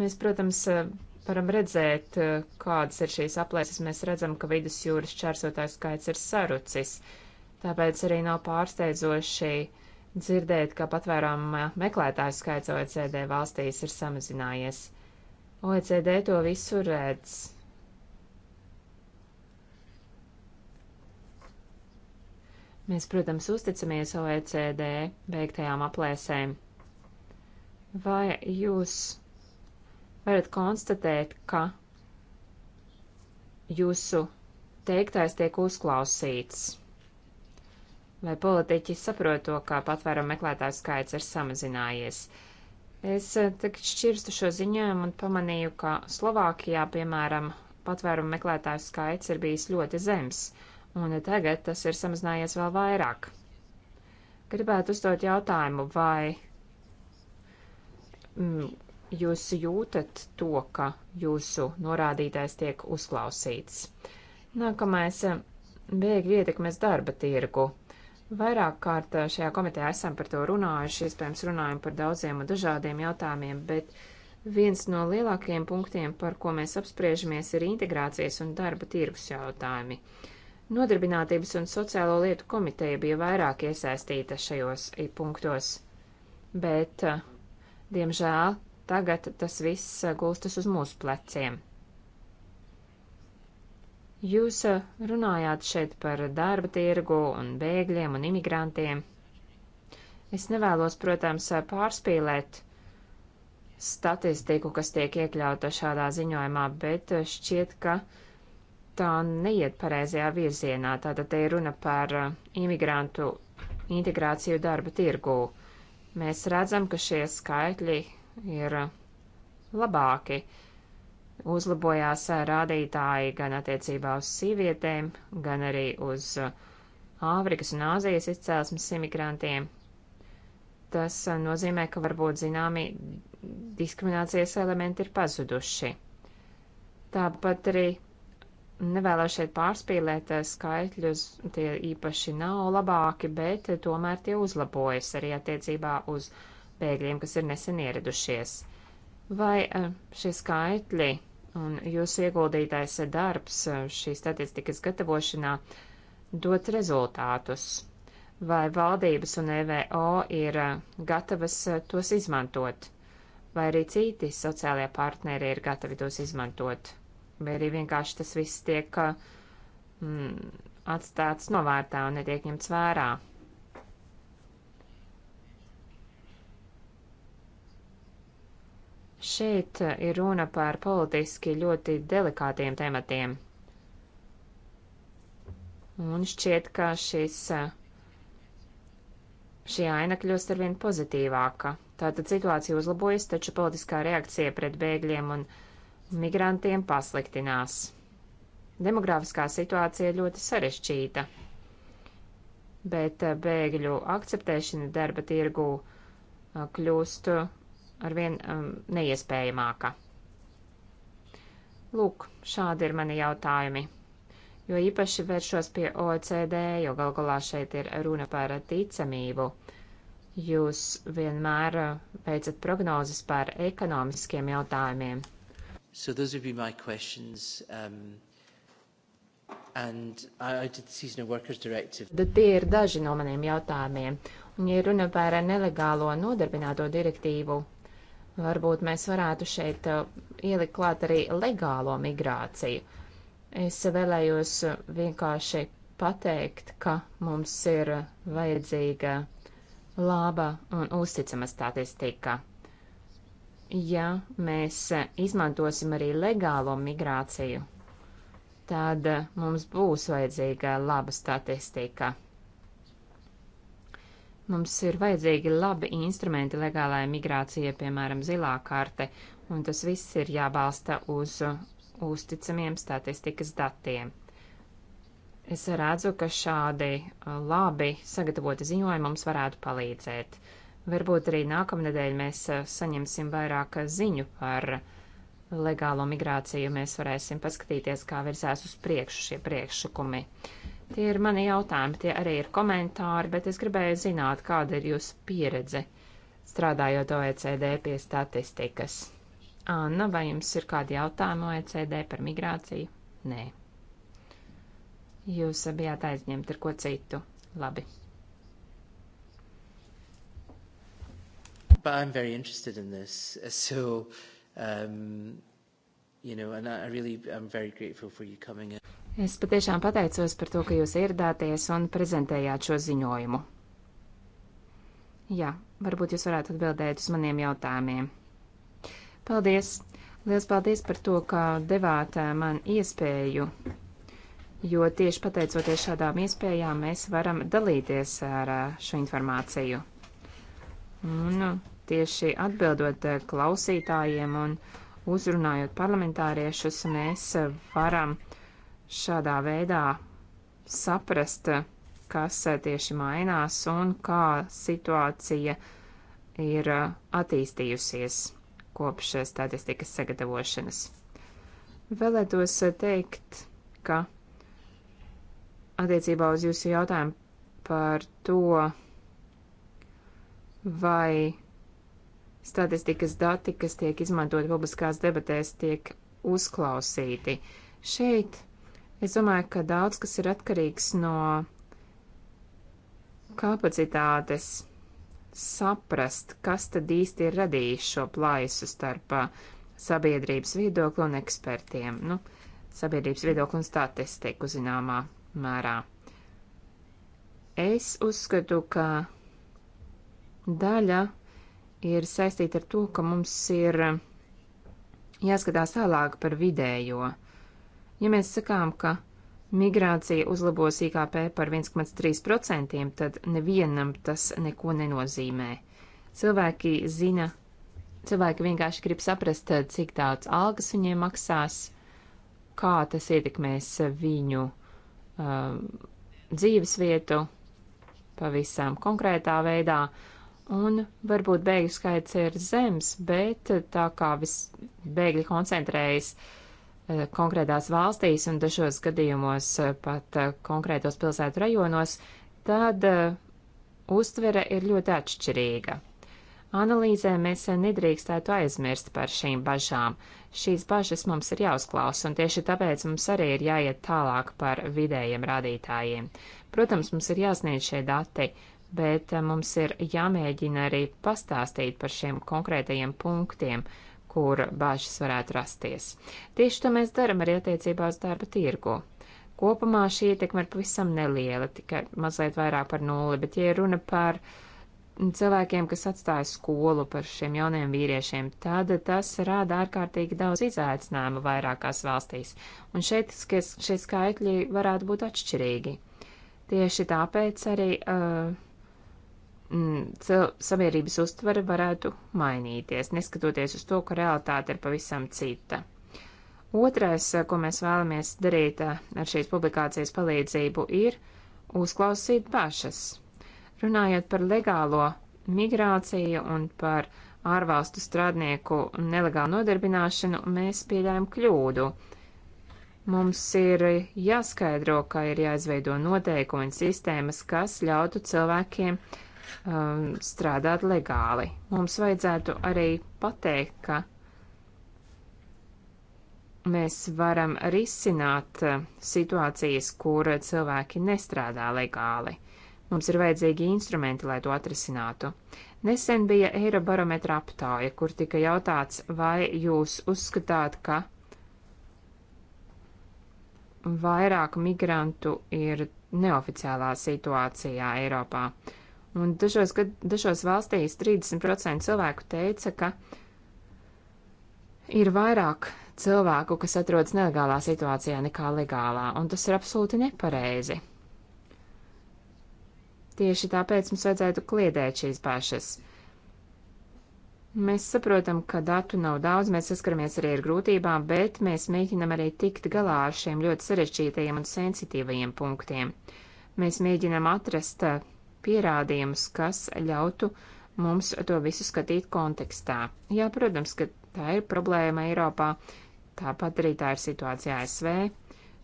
mēs, protams, varam redzēt, kādas ir šīs aplēses. Mēs redzam, ka vidusjūras čērsotāju skaits ir sarucis. Tāpēc arī nav pārsteidzoši dzirdēt, ka patvērām meklētāju skaits OECD valstīs ir samazinājies. OECD to visu redz. Mēs, protams, uzticamies OECD veiktajām aplēsēm. Vai jūs varat konstatēt, ka jūsu teiktais tiek uzklausīts? Vai politiķi saprot to, ka patvērumu meklētāju skaits ir samazinājies? Uh, Es eh, tik šķirstu šo ziņojumu un pamanīju, ka Slovākijā, piemēram, patvērumu meklētāju skaits ir bijis ļoti zems, un tagad tas ir samazinājies vēl vairāk. Gribētu uzdot jautājumu, vai mm, jūs jūtat to, ka jūsu norādītais tiek uzklausīts. Nākamais eh, - bēgļu ietekmes darba tirgu. Vairāk kārt eh, šajā komitejā esam par to runājuši, iespējams runājam par daudziem un dažādiem jautājumiem, bet viens no lielākajiem punktiem, par ko mēs apspriežamies, ir integrācijas un darba tirgus jautājumi. Nodarbinātības un sociālo lietu komiteja bija vairāk iesaistīta šajos punktos, bet, eh, diemžēl, tagad tas viss eh, gulstas uz mūsu pleciem. Jūs eh, runājāt šeit par darba tirgu un bēgļiem un imigrantiem. Es nevēlos, protams, eh, pārspīlēt statistiku, kas tiek iekļauta šādā ziņojumā, bet eh, šķiet, ka tā neiet pareizajā virzienā. Tātad te ir runa par imigrantu integrāciju darba tirgū. Mēs redzam, ka šie skaitļi ir labāki uzlabojās rādītāji gan attiecībā uz sīvietēm, gan arī uz uh, Āfrikas un Āzijas izcelsmes imigrantiem. Tas uh, nozīmē, ka varbūt zināmi diskriminācijas elementi ir pazuduši. Tāpat arī nevēlos šeit pārspīlēt uh, skaitļus, tie īpaši nav labāki, bet tomēr tie uzlabojas arī attiecībā uz bēgļiem, kas ir nesen ieradušies. Vai šie skaitļi un jūsu ieguldītais darbs eh, šīs statistikas gatavošanā dot rezultātus. Vai valdības un EVO ir eh, gatavas eh, tos izmantot, vai arī citi sociālajie partneri ir gatavi tos izmantot, vai arī vienkārši tas viss tiek mm, atstāts novārtā un netiek ņemts vērā. Šeit ir runa par politiski ļoti delikātiem tematiem. Un šķiet, ka šis, šī aina kļūst arvien pozitīvāka. Tātad situācija uzlabojas, taču politiskā reakcija pret bēgļiem un migrantiem pasliktinās. Demografiskā situācija ļoti sarežģīta, bet bēgļu akceptēšana darba tirgū kļūst arvien um, neiespējamāka. Lūk, šādi ir mani jautājumi. Jo īpaši vēršos pie OECD, jo gal galā šeit ir runa par ticamību. Jūs vienmēr uh, veicat prognozes par ekonomiskiem jautājumiem.
So those would be my questions. Um, and I, I did the Seasonal Workers Directive.
Tad tie ir daži no maniem jautājumiem. Un, ja runa par nelegālo nodarbināto direktīvu, Varbūt mēs varētu šeit uh, ielikt klāt arī legālo migrāciju. Es vēlējos vienkārši pateikt, ka mums ir vajadzīga laba un uzticama statistika. Ja mēs izmantosim arī legālo migrāciju, tad mums būs vajadzīga laba statistika. Mums ir vajadzīgi labi instrumenti legālajai migrācijai, piemēram, zilā karte, un tas viss ir jābalsta uz uzticamiem statistikas datiem. Es redzu, ka šādi uh, labi sagatavoti ziņojumi mums varētu palīdzēt. Varbūt arī nākamnedēļ mēs uh, saņemsim vairāk uh, ziņu par legālo migrāciju, mēs varēsim paskatīties, kā virzās uz priekšu šie priekšlikumi. Tie ir mani jautājumi, tie arī ir komentāri, bet es gribēju zināt, kāda ir jūsu pieredze strādājot OECD pie statistikas. Anna, vai jums ir kādi jautājumi OECD par migrāciju? Nē. Jūs bijāt aizņemti ar ko citu. Labi.
But I'm very interested in this. So,
um, You know, really, es patiešām pateicos par to, ka jūs ieradāties un prezentējāt šo ziņojumu. Jā, varbūt jūs varētu atbildēt uz maniem jautājumiem. Paldies! Lielas paldies par to, ka devāt eh, man iespēju, jo tieši pateicoties šādām iespējām mēs varam dalīties ar eh, šo informāciju. Un nu, tieši atbildot eh, klausītājiem un klausītājiem, uzrunājot parlamentāriešus, mēs varam šādā veidā saprast, kas tieši mainās un kā situācija ir attīstījusies kopš statistikas sagatavošanas. Vēlētos teikt, ka attiecībā uz jūsu jautājumu par to, vai statistikas dati, kas tiek izmantot publiskās debatēs, tiek uzklausīti. Šeit es domāju, ka daudz kas ir atkarīgs no kapacitātes saprast, kas tad īsti ir radījis šo plaisu starp uh, sabiedrības viedokli un ekspertiem. Nu, sabiedrības viedokli un statistiku zināmā mērā. Es uzskatu, ka daļa ir saistīta ar to, ka mums ir jāskatās tālāk par vidējo. Ja mēs sakām, ka migrācija uzlabos IKP par 1,3%, tad nevienam tas neko nenozīmē. Cilvēki zina, cilvēki vienkārši grib saprast, cik daudz algas viņiem maksās, kā tas ietekmēs viņu um, dzīvesvietu pavisam konkrētā veidā, Un varbūt bēgļu skaits ir zems, bet tā kā viss bēgļi koncentrējas eh, konkrētās valstīs un dažos gadījumos eh, pat eh, konkrētos pilsētu rajonos, tad uztvere ir ļoti atšķirīga. Analīzē mēs nedrīkstētu aizmirst par šīm bažām. Šīs bažas mums ir jāuzklausa, un tieši tāpēc mums arī ir jāiet tālāk par vidējiem rādītājiem. Protams, mums ir jāsniedz šie dati, bet eh, mums ir jāmēģina arī pastāstīt par šiem konkrētajiem punktiem, kur bāžas varētu rasties. Tieši to mēs darām arī attiecībā uz darba tirgu. Kopumā šī ietekme ir pavisam neliela, tikai mazliet vairāk par nulli, bet ja runa par cilvēkiem, kas atstāja skolu par šiem jauniem vīriešiem, tad tas rāda ārkārtīgi daudz izaicinājumu vairākās valstīs, un šeit šie skaitļi varētu būt atšķirīgi. Tieši tāpēc arī uh, mm, sabiedrības uztvere varētu mainīties, neskatoties uz to, ka realitāte ir pavisam cita. Otrais, eh, ko mēs vēlamies darīt eh, ar šīs publikācijas palīdzību, ir uzklausīt pašas. Runājot par legālo migrāciju un par ārvalstu strādnieku nelegālu nodarbināšanu, mēs pieļājam kļūdu. Mums ir jāskaidro, ka ir jāizveido noteikumi un sistēmas, kas ļautu cilvēkiem uh, um, strādāt legāli. Mums vajadzētu arī pateikt, ka mēs varam risināt uh, situācijas, kur cilvēki nestrādā legāli. Mums ir vajadzīgi instrumenti, lai to atrisinātu. Nesen bija Eirobarometra aptāja, kur tika jautāts, vai jūs uzskatāt, ka vairāk migrantu ir neoficiālā situācijā Eiropā. Un dažos, kad, dažos valstīs 30% cilvēku teica, ka ir vairāk cilvēku, kas atrodas nelegālā situācijā nekā legālā, un tas ir absolūti nepareizi. Tieši tāpēc mums vajadzētu kliedēt šīs pašas. Mēs saprotam, ka datu nav daudz, mēs saskaramies arī ar grūtībām, bet mēs mēģinam arī tikt galā ar šiem ļoti sarežģītajiem un sensitīvajiem punktiem. Mēs mēģinam atrast pierādījums, kas ļautu mums to visu skatīt kontekstā. Jā, protams, ka tā ir problēma Eiropā, tāpat arī tā ir situācija ASV.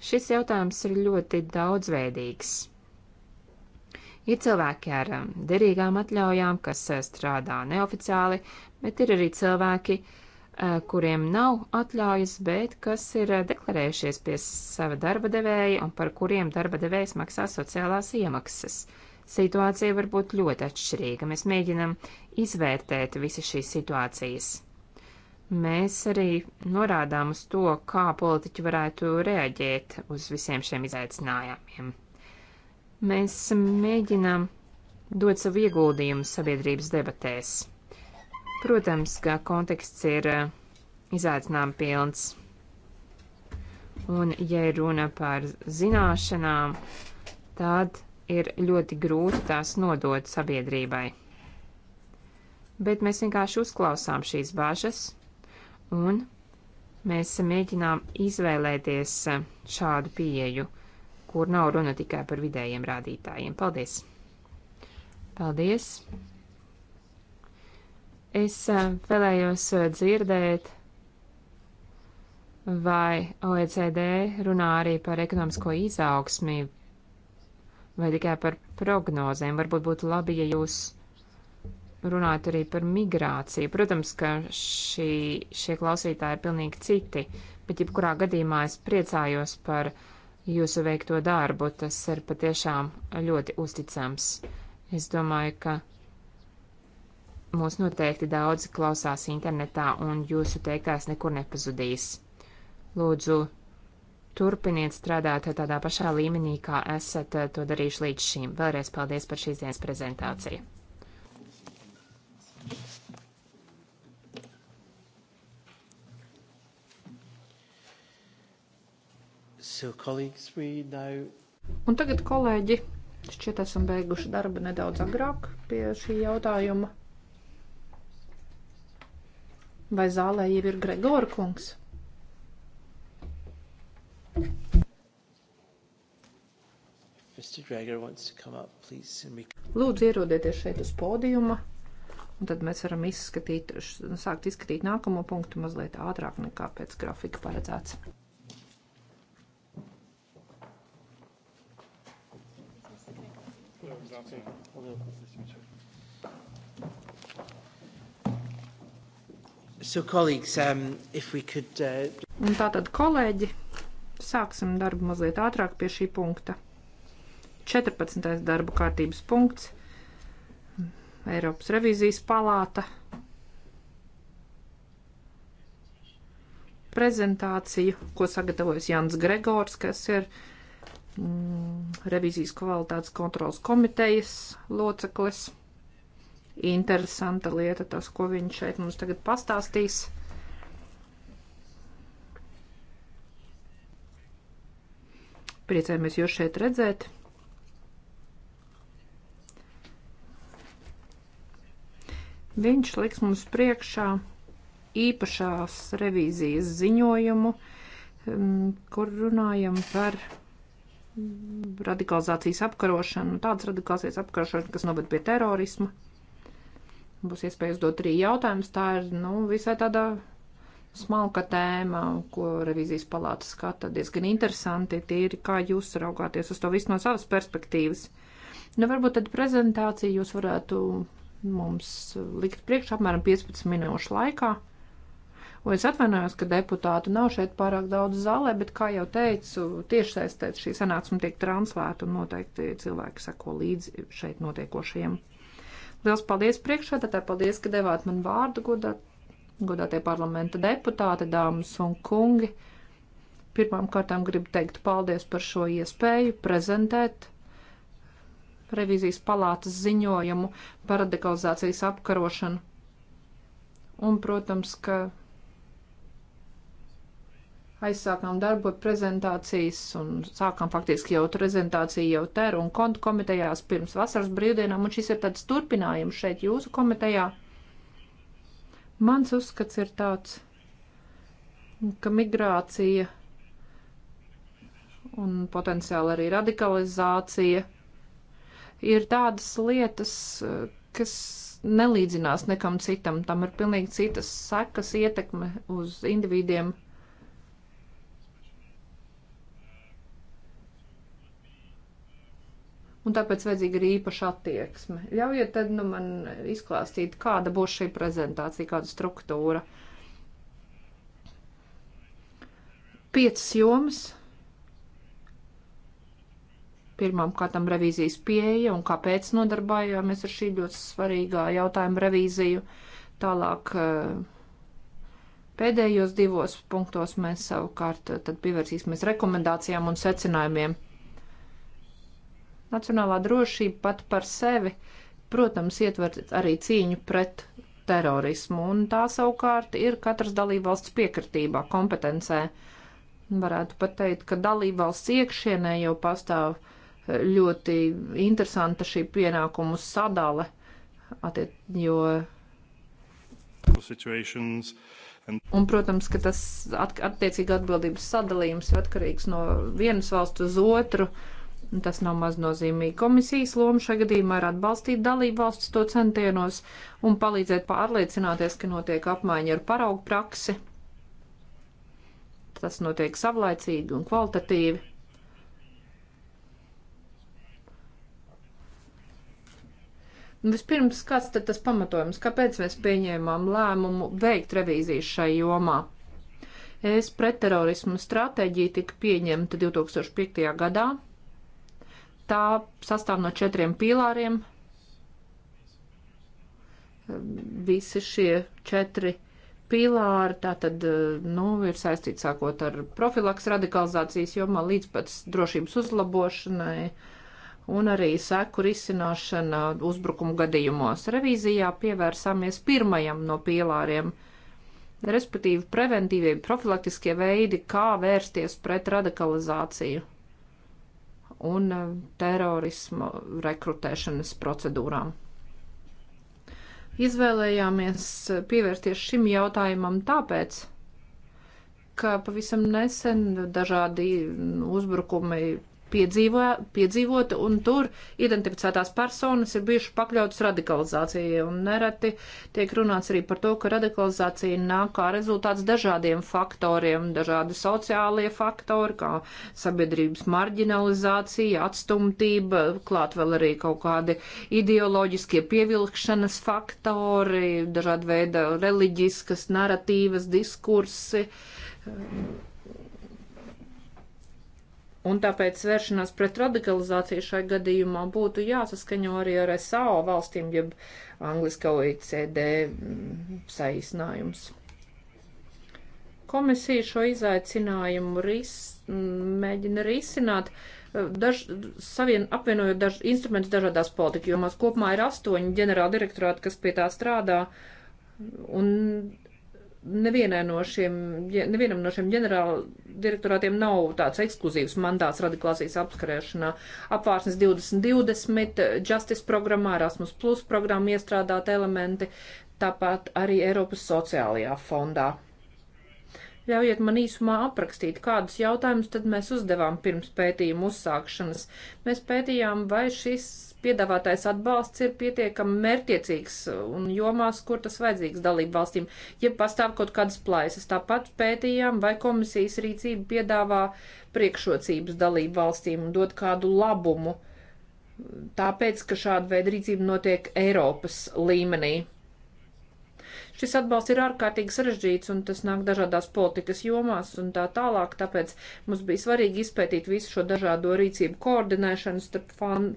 Šis jautājums ir ļoti daudzveidīgs. Ir cilvēki ar um, derīgām atļaujām, kas uh, strādā neoficiāli, bet ir arī cilvēki, uh, kuriem nav atļaujas, bet kas ir uh, deklarējušies pie sava darba devēja un par kuriem darba devējs maksā sociālās iemaksas. Uh, Situācija var būt ļoti atšķirīga. Mēs mēģinam izvērtēt visas šīs situācijas. Mēs arī norādām uz to, kā politiķi varētu reaģēt uz visiem šiem izaicinājumiem. Mēs mēģinām dot savu ieguldījumu sabiedrības debatēs. Protams, ka konteksts ir eh, izaicinājuma pilns. Un, ja ir runa par zināšanām, tad ir ļoti grūti tās nodot sabiedrībai. Bet mēs vienkārši uzklausām šīs bažas un mēs mēģinām izvēlēties e, šādu pieeju, kur nav runa tikai par vidējiem rādītājiem. Paldies! Paldies! Es e, vēlējos e, dzirdēt, vai OECD runā arī par ekonomisko izaugsmi vai tikai par prognozēm. Varbūt būtu labi, ja jūs runātu arī par migrāciju. Protams, ka šī, šie klausītāji ir pilnīgi citi, bet jebkurā gadījumā es priecājos par jūsu veikto darbu. Tas ir patiešām ļoti uzticams. Es domāju, ka mūs noteikti daudzi klausās internetā, un jūsu teiktais nekur nepazudīs. Lūdzu, turpiniet strādāt tādā pašā līmenī, kā esat to darījuši līdz šim. Vēlreiz paldies par šīs dienas prezentāciju.
So, now...
Un tagad, kolēģi, šķiet esam beiguši darbu nedaudz agrāk pie šī jautājuma. Vai zālē jau ir Gregora kungs?
Lūdzu,
ierodieties šeit uz pódiuma, un tad mēs varam izskatīt, sākt izskatīt nākamo punktu mazliet ātrāk nekā pēc grafika paredzēts.
So, colleagues, um, if we could, uh...
Un tātad, kolēģi, sāksim darbu mazliet ātrāk pie šī punkta. 14. darba kārtības punkts - Eiropas revīzijas palāta. Prezentāciju, ko sagatavojas Jans Gregors, kas ir mm, revīzijas kvalitātes kontrolas komitejas loceklis. Interesanta lieta tas, ko viņš šeit mums tagad pastāstīs. Priecājamies jūs šeit redzēt. Viņš liks mums priekšā īpašās revīzijas ziņojumu, um, kur runājam par radikalizācijas apkarošanu, tādas radikalizācijas apkarošanu, kas noved pie terorisma. Būs iespēja uzdot arī jautājumus. Tā ir, nu, visai tādā smalka tēma, ko revizijas palāta skata diezgan interesanti. Tie ir, kā jūs raugāties uz to visu no savas perspektīvas. Nu, varbūt tad prezentāciju jūs varētu mums likt priekš apmēram 15 minūšu laikā. Un es atvainojos, ka deputātu nav šeit pārāk daudz zālē, bet, kā jau teicu, tiešsaistē šī sanāksme tiek translēta un noteikti cilvēki seko līdzi šeit notiekošajiem. Liels paldies priekšā, tātad paldies, ka devāt man vārdu, godāt godātie parlamenta deputāti, dāmas un kungi. Pirmām kārtām gribu teikt paldies par šo iespēju prezentēt revīzijas palātas ziņojumu par radikalizācijas apkarošanu. Un, protams, ka aizsākām darbu prezentācijas un sākām faktiski jau prezentāciju jau ter un kontu komitejās pirms vasaras brīvdienām, un šis ir tāds turpinājums šeit jūsu komitejā. Mans uzskats ir tāds, ka migrācija un potenciāli arī radikalizācija ir tādas lietas, kas nelīdzinās nekam citam. Tam ir pilnīgi citas sekas, ietekme uz individiem. un tāpēc vajadzīga arī īpaša attieksme. Ļaujiet tad nu man izklāstīt, kāda būs šī prezentācija, kāda struktūra. Piecas jomas. Pirmām kārtām revīzijas pieeja un kāpēc nodarbājāmies ar šī ļoti svarīgā jautājuma revīziju. Tālāk eh, pēdējos divos punktos mēs savukārt eh, tad pievērsīsimies rekomendācijām un secinājumiem. Nacionālā drošība pat par sevi, protams, ietver arī cīņu pret terorismu, un tā savukārt ir katras dalībvalsts piekritībā, kompetencē. Varētu pat teikt, ka dalībvalsts iekšienē jau pastāv eh, ļoti interesanta šī pienākumu sadale, attiet, jo. Un, protams, ka tas attiecīgi atbildības sadalījums ir atkarīgs no vienas valsts uz otru, uh, Tas nav maznozīmīgi. Komisijas loma šajā gadījumā ir atbalstīt dalībvalstis to centienos un palīdzēt pārliecināties, ka notiek apmaiņa ar paraugu praksi. Tas notiek savlaicīgi un kvalitatīvi. Vispirms, kāds tad tas pamatojums, kāpēc mēs pieņēmām lēmumu veikt revīzijas šai jomā? Es pretterorismu stratēģija tika pieņemta 2005. gadā. Tā sastāv no četriem pīlāriem. Visi šie četri pīlāri tātad, nu, ir saistīti sākot ar profilaks radikalizācijas jomā līdz pat drošības uzlabošanai un arī seku risināšana uzbrukumu gadījumos. Revīzijā pievērsāmies pirmajam no pīlāriem, respektīvi preventīvie profilaktiskie veidi, kā vērsties pret radikalizāciju un terorismu rekrutēšanas procedūrām. Izvēlējāmies pievērsties šim jautājumam tāpēc, ka pavisam nesen dažādi uzbrukumi piedzīvo, piedzīvota, un tur identificētās personas ir bijušas pakļautas radikalizācijai. Un nereti tiek runāts arī par to, ka radikalizācija nāk kā rezultāts dažādiem faktoriem, dažādi sociālie faktori, kā sabiedrības marginalizācija, atstumtība, klāt vēl arī kaut kādi ideoloģiskie pievilkšanas faktori, dažādi veida reliģiskas narratīvas diskursi. Um, Un tāpēc vēršanās pret radikalizāciju šai gadījumā būtu jāsaskaņo arī ar SAO valstīm, jeb angliskā OECD mm, saīsinājums. Komisija šo izaicinājumu ris, mm, mēģina risināt, eh, daž, savien, apvienojot daž, instrumentus dažādās politika jomās. Kopumā ir astoņi ģenerāla direktorāti, kas pie tā strādā. Un nevienai no šiem, nevienam no šiem ģenerāla direktorātiem nav tāds ekskluzīvs mandāts radikalizācijas apskarēšanā. Apvārsnes 2020, Justice programmā, Erasmus Plus programmā iestrādāt elementi, tāpat arī Eiropas sociālajā fondā. Ļaujiet man īsumā aprakstīt, kādus jautājumus tad mēs uzdevām pirms pētījuma uzsākšanas. Mēs pētījām, vai šis piedāvātais atbalsts ir pietiekami mērķiecīgs un jomās, kur tas vajadzīgs dalību valstīm, ja pastāv kaut kādas plaisas. Tāpat pētījām, vai komisijas rīcība piedāvā priekšrocības dalību valstīm un dod kādu labumu, tāpēc, ka šāda veida rīcība notiek Eiropas līmenī. Šis atbalsts ir ārkārtīgi sarežģīts un tas nāk dažādās politikas jomās un tā tālāk, tāpēc mums bija svarīgi izpētīt visu šo dažādo rīcību koordinēšanu starp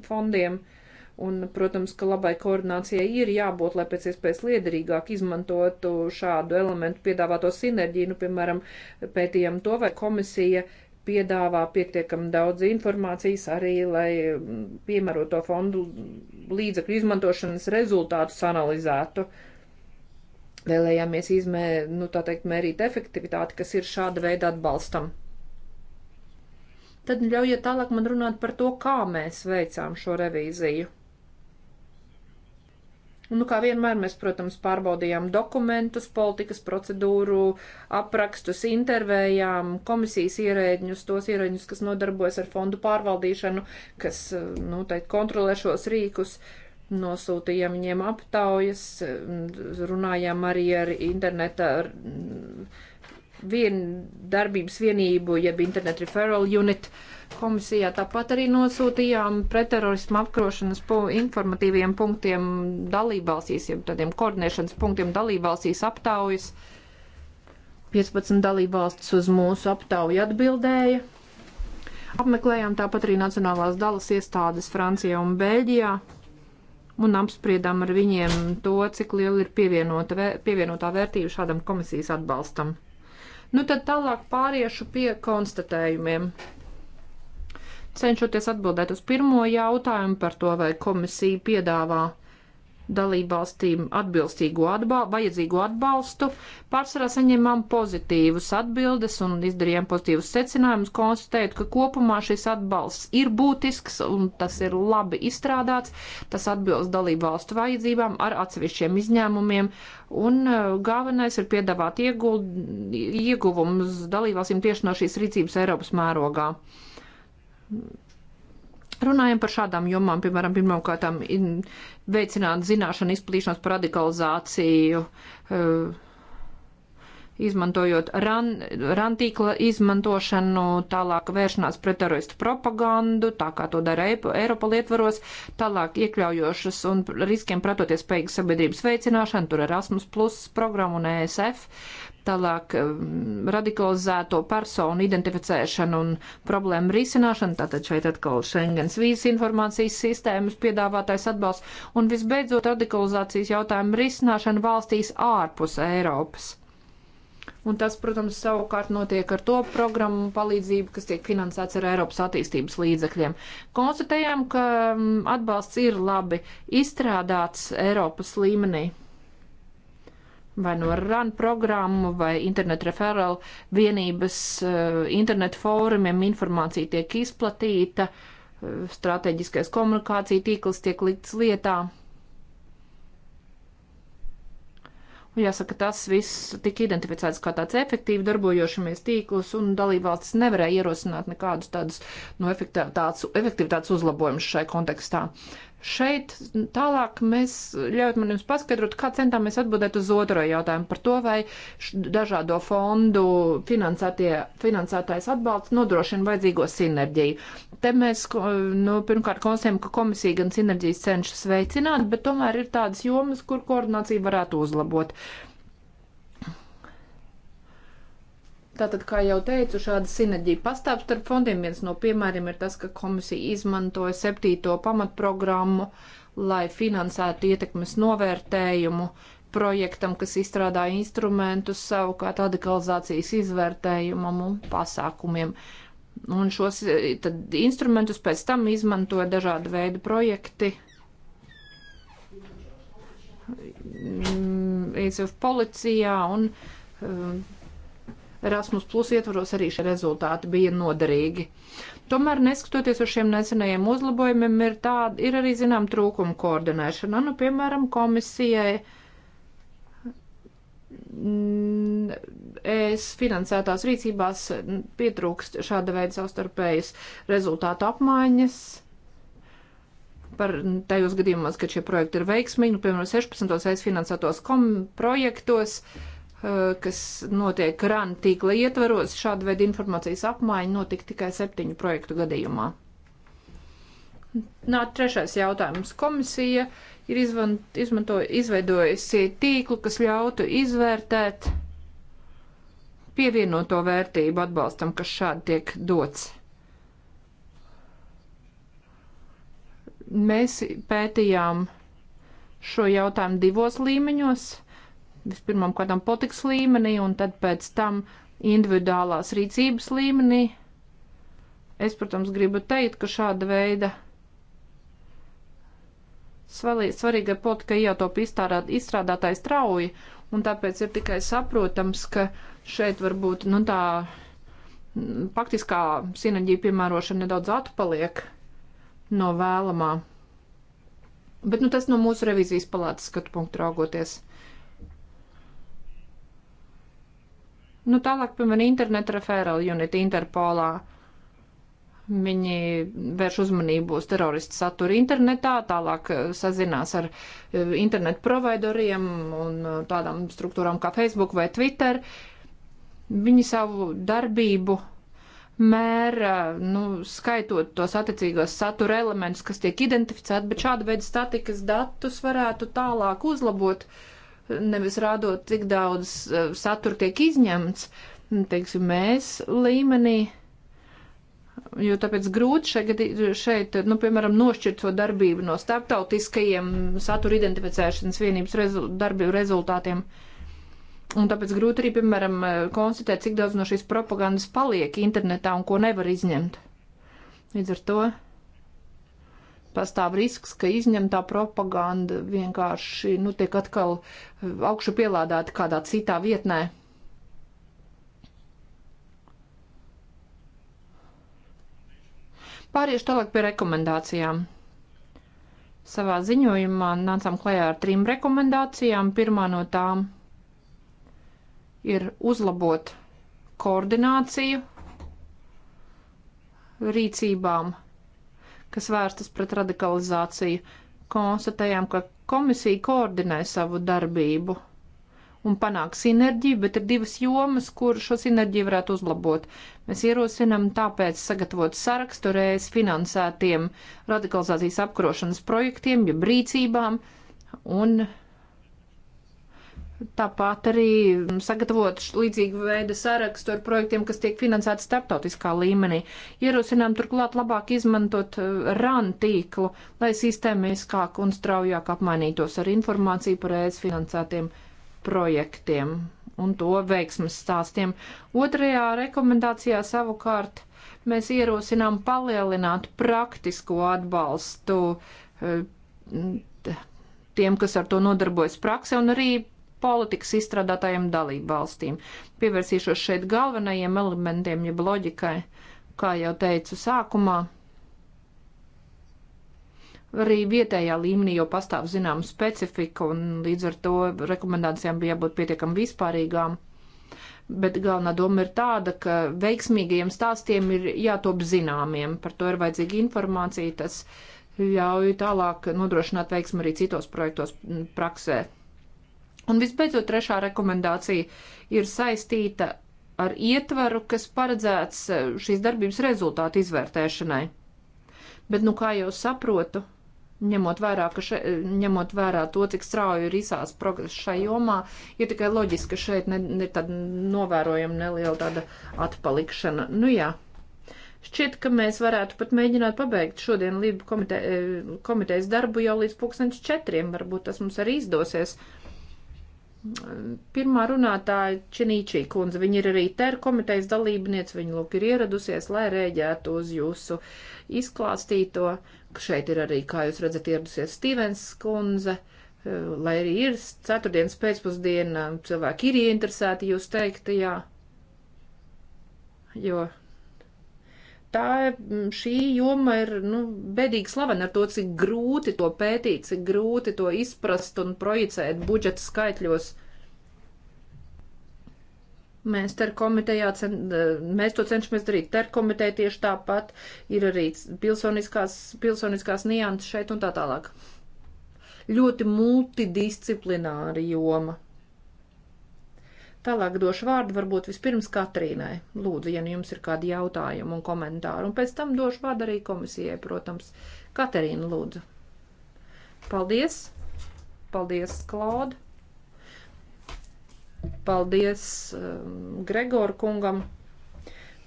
fondiem. Un, protams, ka labai koordinācijai ir jābūt, lai pēc iespējas liederīgāk izmantotu šādu elementu piedāvāto sinerģiju. Nu, piemēram, pētījām to, vai komisija piedāvā pietiekami daudz informācijas arī, lai mm, piemēroto fondu līdzekļu izmantošanas rezultātus analizētu. Uh, vēlējāmies izmē, nu, tā teikt, mērīt efektivitāti, kas ir šāda veida atbalstam. Tad ļaujiet tālāk man runāt par to, kā mēs veicām šo revīziju. Nu, kā vienmēr mēs, protams, pārbaudījām dokumentus, politikas procedūru, aprakstus, intervējām komisijas ierēģņus, tos ierēģņus, kas nodarbojas ar fondu pārvaldīšanu, kas, nu, teikt, kontrolē šos rīkus. Uh, nosūtījām viņiem aptaujas, runājām arī ar interneta ar vien, darbības vienību, jeb Internet Referral Unit komisijā. Tāpat arī nosūtījām pretterorismu apkrošanas pu informatīviem punktiem dalībvalstīs, jeb tādiem koordinēšanas punktiem dalībvalstīs aptaujas. 15 dalībvalstis uz mūsu aptauju atbildēja. Apmeklējām tāpat arī Nacionālās dalas iestādes Francijā un Beļģijā un apspriedām ar viņiem to, cik liela ir pievienota, pievienotā vērtība šādam komisijas atbalstam. Nu tad tālāk pāriešu pie konstatējumiem cenšoties atbildēt uz pirmo jautājumu par to, vai komisija piedāvā dalībvalstīm atbilstīgo atbalstu, vajadzīgo atbalstu, pārsvarā saņemam pozitīvas atbildes un izdarījām pozitīvus secinājumus, konstatējot, ka kopumā šis atbalsts ir būtisks un tas ir labi izstrādāts, tas atbilst dalībvalstu vajadzībām ar atsevišķiem izņēmumiem, un e, galvenais ir piedāvāt ieguld, ieguvumus dalībvalstīm tieši no šīs rīcības Eiropas mērogā Runājam par šādām jomām, piemēram, pirmkārt, veicināt zināšanu izplatīšanos par radikalizāciju, eh, izmantojot ran, rantīkla izmantošanu, tālāk vēršanās pret teroristu propagandu, tā kā to dara Eiropa lietvaros, tālāk iekļaujošas un riskiem pratoties spējīgas sabiedrības veicināšanu, tur Erasmus Plus programmu un ESF, Tālāk mm, radikalizēto personu identificēšanu un problēmu risināšanu, tātad šeit atkal Schengens vīzes informācijas sistēmas piedāvātais atbalsts un visbeidzot radikalizācijas jautājumu risināšanu valstīs ārpus Eiropas. Un tas, protams, savukārt notiek ar to programmu palīdzību, kas tiek finansēts ar Eiropas attīstības līdzekļiem. Konstatējām, ka mm, atbalsts ir labi izstrādāts Eiropas līmenī vai no nu RAN programmu vai internet referālu vienības eh, internet fórumiem informācija tiek izplatīta, eh, strateģiskais komunikācija tīkls tiek likts lietā. Un jāsaka, tas viss tika identificēts kā tāds efektīvi darbojošamies tīklus, un dalībvalstis nevarēja ierosināt nekādus tādus no nu, efektivitātes, efektivitātes uzlabojumus šai kontekstā. Šeit tālāk mēs ļaut man jums paskaidrot, kā centāmies atbildēt uz otro jautājumu par to, vai dažādo fondu finansētājs atbalsts nodrošina vajadzīgo sinerģiju. Te mēs, nu, pirmkārt, konstatējam, ka komisija gan sinerģijas cenšas veicināt, bet tomēr ir tādas jomas, kur koordinācija varētu uzlabot. Uh, Tātad, kā jau teicu, šāda sinerģija pastāv starp fondiem. Viens no piemēriem ir tas, ka komisija izmantoja septīto pamatprogrammu, lai finansētu ietekmes novērtējumu projektam, kas izstrādāja instrumentus savukārt radikalizācijas izvērtējumam un pasākumiem. Un šos e, tad, instrumentus pēc tam izmantoja dažādi veidi projekti. Mm, Iecev policijā un um, Erasmus Plus ietvaros arī šie rezultāti bija noderīgi. Tomēr, neskatoties uz šiem nesenajiem uzlabojumiem, ir, tāda, ir arī zinām trūkuma koordinēšana. Nu, piemēram, komisijai mm, es finansētās rīcībās pietrūkst šāda veida savstarpējas rezultātu apmaiņas par tajos gadījumos, kad šie projekti ir veiksmīgi, nu, piemēram, 16. es finansētos kom projektos. Uh, kas notiek RAN tīkla ietvaros, šāda veida informācijas apmaiņa notika tikai septiņu projektu gadījumā. Nā, trešais jautājums. Komisija ir izmanto, izveidojusi tīklu, kas ļautu izvērtēt pievienoto vērtību atbalstam, kas šādi tiek dots. Mēs pētījām šo jautājumu divos līmeņos. Uh, vispirmam kādam politikas līmenī un tad pēc tam individuālās rīcības līmenī. Es, protams, gribu teikt, ka šāda veida svarīga politika jātop izstrādāt, izstrādātāji strauji, un tāpēc ir tikai saprotams, ka šeit varbūt, nu tā, faktiskā sinerģija piemērošana nedaudz atpaliek no vēlamā. Bet, nu, tas no mūsu revizijas palātas skatu punktu raugoties. Nu, tālāk, piemēram, internet referral unit Interpolā. Viņi vērš uzmanību uz teroristu saturu internetā, tālāk eh, sazinās ar eh, internetu provideriem un eh, tādām struktūrām kā Facebook vai Twitter. Viņi savu darbību mēra, nu, skaitot tos attiecīgos satura elementus, kas tiek identificēti, bet šāda veida statikas datus varētu tālāk uzlabot. Uh, nevis rādot, cik daudz e, satura tiek izņemts, teiksim, mēs līmenī. Jo tāpēc grūti šeit, šeit nu, piemēram, nošķirt šo darbību no starptautiskajiem satura identificēšanas vienības rezu, darbību rezultātiem. Un tāpēc grūti arī, piemēram, e, konstatēt, cik daudz no šīs propagandas paliek internetā un ko nevar izņemt. Līdz ar to pastāv risks, ka izņemtā propaganda vienkārši nu, tiek atkal augšu pielādēta kādā citā vietnē. Pāriešu tālāk pie rekomendācijām. Savā ziņojumā nācām klajā ar trim rekomendācijām. Pirmā no tām ir uzlabot koordināciju rīcībām kas vērstas pret radikalizāciju, konstatējām, ka komisija koordinē savu darbību un panāk sinerģiju, bet ir divas jomas, kur šo sinerģiju varētu uzlabot. Mēs ierosinam tāpēc sagatavot sarakstu reiz finansētiem radikalizācijas apkarošanas projektiem, jeb rīcībām, un Tāpat arī sagatavot līdzīgu veidu sarakstu ar projektiem, kas tiek finansēti starptautiskā līmenī. Ierosinām turklāt labāk izmantot eh, RAN tīklu, lai sistēmiskāk un straujāk apmainītos ar informāciju par ES finansētiem projektiem un to veiksmes stāstiem. Otrajā rekomendācijā savukārt mēs ierosinām palielināt praktisko atbalstu eh, tiem, kas ar to nodarbojas praksē, un arī politikas izstrādātājiem dalību valstīm. Pievērsīšos šeit galvenajiem elementiem, jeb loģikai, kā jau teicu sākumā. Arī vietējā līmenī jau pastāv zinām specifika, un līdz ar to rekomendācijām bija jābūt pietiekam vispārīgām. Bet galvenā doma ir tāda, ka veiksmīgajiem stāstiem ir jātop zināmiem, par to ir vajadzīga informācija, tas ļauj tālāk nodrošināt veiksmu arī citos projektos praksē. Un visbeidzot, trešā rekomendācija ir saistīta ar ietvaru, kas paredzēts eh, šīs darbības rezultātu izvērtēšanai. Bet, nu, kā jau saprotu, ņemot vērā, ka še, ņemot vērā to, cik strauji ir izsās progress šai jomā, ir tikai loģiski, ka šeit ir ne, tāda novērojama neliela tāda atpalikšana. Nu, jā. Šķiet, ka mēs varētu pat mēģināt pabeigt šodien Lību komite, komitejas darbu jau līdz pulkstenš četriem. Varbūt tas mums arī izdosies. Uh, Pirmā runātāja Čenīčī kundze, viņa ir arī ter komitejas dalībniece, viņa lūk ir ieradusies, lai rēģētu uz jūsu izklāstīto. Šeit ir arī, kā jūs redzat, ieradusies Stīvens kundze, eh, lai arī ir ceturtdienas pēcpusdiena, cilvēki ir ieinteresēti jūs teiktajā, jo tā mm, šī joma ir nu, bedīgi slavena ar to, cik grūti to pētīt, cik grūti to izprast un projicēt budžeta skaitļos. Mēs ter komitejā, cen, eh, mēs to cenšamies darīt. Ter komiteja tieši tāpat ir arī pilsoniskās, pilsoniskās nianses šeit un tā tālāk. Ļoti multidisciplināri joma. Tālāk došu vārdu varbūt vispirms Katrīnai. Lūdzu, ja nu jums ir kādi jautājumi un komentāri, un pēc tam došu vārdu arī komisijai, protams. Katrīna, lūdzu. Paldies! Paldies, Klauda! Paldies um, Gregoru kungam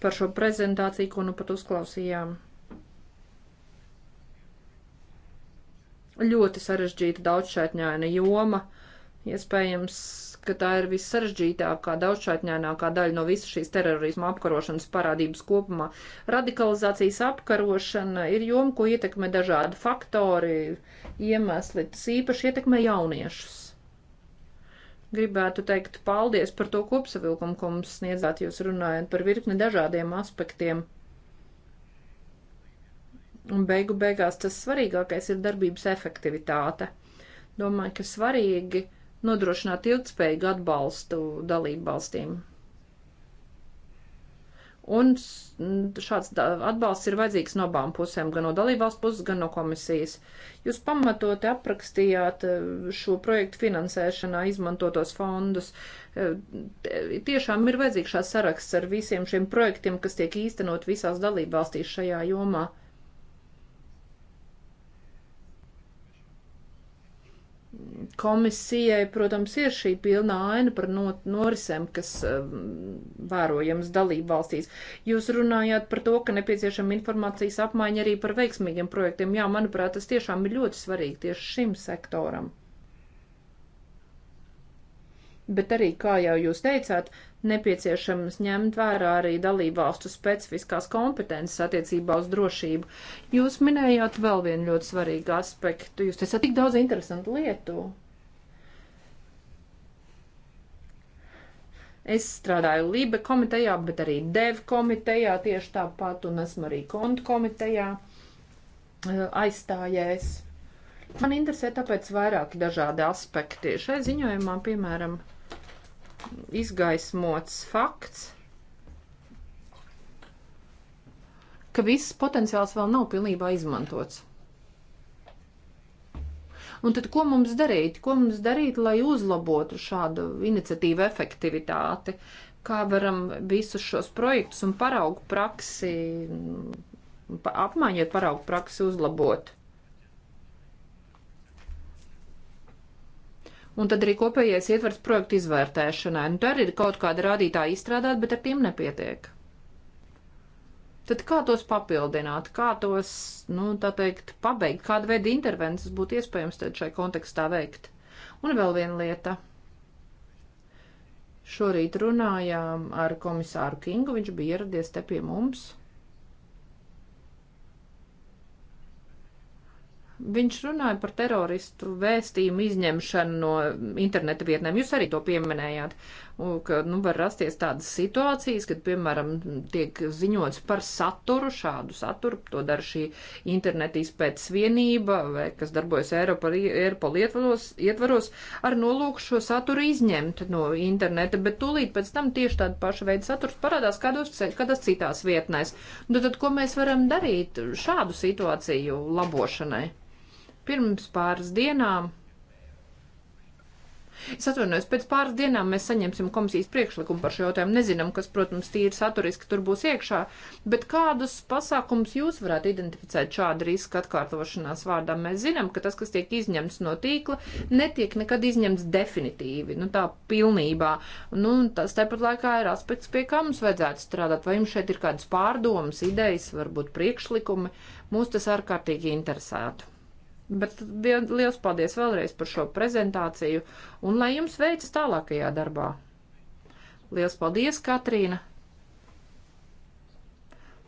par šo prezentāciju, ko nu pat uzklausījām. Ļoti sarežģīta daudzšķaitņaina joma. Iespējams, ka tā ir vissaržģītākā, daudzšķaitņainākā daļa no visas šīs terorisma apkarošanas parādības kopumā. Radikalizācijas apkarošana ir joma, ko ietekmē dažādi faktori, iemesli, tas īpaši ietekmē jauniešus. Gribētu teikt paldies par to kopsavilkumu, ko mums sniedzāt, jūs runājat par virkni dažādiem aspektiem. Un beigu beigās tas svarīgākais ir darbības efektivitāte. Domāju, ka svarīgi nodrošināt ilgspējīgu atbalstu dalību valstīm. Un šāds atbalsts ir vajadzīgs no abām pusēm, gan no dalībvalsts puses, gan no komisijas. Jūs pamatoti aprakstījāt e, šo projektu finansēšanā izmantotos fondus. E, e, tiešām ir vajadzīgs šāds saraksts ar visiem šiem projektiem, kas tiek īstenot visās dalībvalstīs šajā jomā. Komisijai, protams, ir šī pilnā aina par norisēm, kas um, vērojams dalību valstīs. Jūs runājāt par to, ka nepieciešama informācijas apmaiņa arī par veiksmīgiem projektiem. Jā, manuprāt, tas tiešām ir ļoti svarīgi tieši šim sektoram. Bet arī, kā jau jūs teicāt, nepieciešams ņemt vērā arī dalībvalstu specifiskās kompetences attiecībā uz drošību. Jūs minējāt vēl vienu ļoti svarīgu aspektu. Jūs esat tik daudz interesantu lietu. Es strādāju Lībe komitejā, bet arī Dev komitejā tieši tāpat, un esmu arī kontu komitejā eh, aizstājies. Man interesē tāpēc vairāki dažādi aspekti. Šai ziņojumā, piemēram, izgaismots fakts, ka viss potenciāls vēl nav pilnībā izmantots. Un tad, ko mums darīt? Ko mums darīt, lai uzlabotu šādu iniciatīvu efektivitāti? Kā varam visus šos projektus un paraugu praksi, apmaiņot paraugu praksi, uzlabot? Un tad arī kopējais ietvers projektu izvērtēšanai. Nu, tur ir kaut kāda rādītāja izstrādāt, bet ar tiem nepietiek. Tad kā tos papildināt, kā tos, nu, tā teikt, pabeigt, kāda veida intervences būtu iespējams šai kontekstā veikt? Un vēl viena lieta. Šorīt runājām ar komisāru Kingu, viņš bija ieradies te pie mums. Viņš runāja par teroristu vēstījumu izņemšanu no interneta vietnēm. Jūs arī to pieminējāt ka nu, var rasties tādas situācijas, kad, piemēram, tiek ziņots par saturu, šādu saturu, to dara šī interneta izpētes vienība, vai kas darbojas Eiropola ietvaros, ietvaros, ar nolūku šo saturu izņemt no interneta, bet tūlīt pēc tam tieši tāda paša veida saturs parādās kādos, kādās citās vietnēs. Nu, tad, ko mēs varam darīt šādu situāciju labošanai? Pirms pāris dienām Es atvainojos, pēc pāris dienām mēs saņemsim komisijas priekšlikumu par šo jautājumu. Nezinām, kas, protams, tīri saturiski tur būs iekšā, bet kādus pasākums jūs varētu identificēt šāda riska atkārtošanās vārdā? Mēs zinām, ka tas, kas tiek izņemts no tīkla, netiek nekad izņemts definitīvi, nu tā pilnībā. Nu, tas tepat laikā ir aspekts, pie kā mums vajadzētu strādāt. Vai jums šeit ir kādas pārdomas, idejas, varbūt priekšlikumi? Mūs tas ārkārtīgi interesētu. Bet liels paldies vēlreiz par šo prezentāciju un lai jums veicas tālākajā darbā. Liels paldies, Katrīna!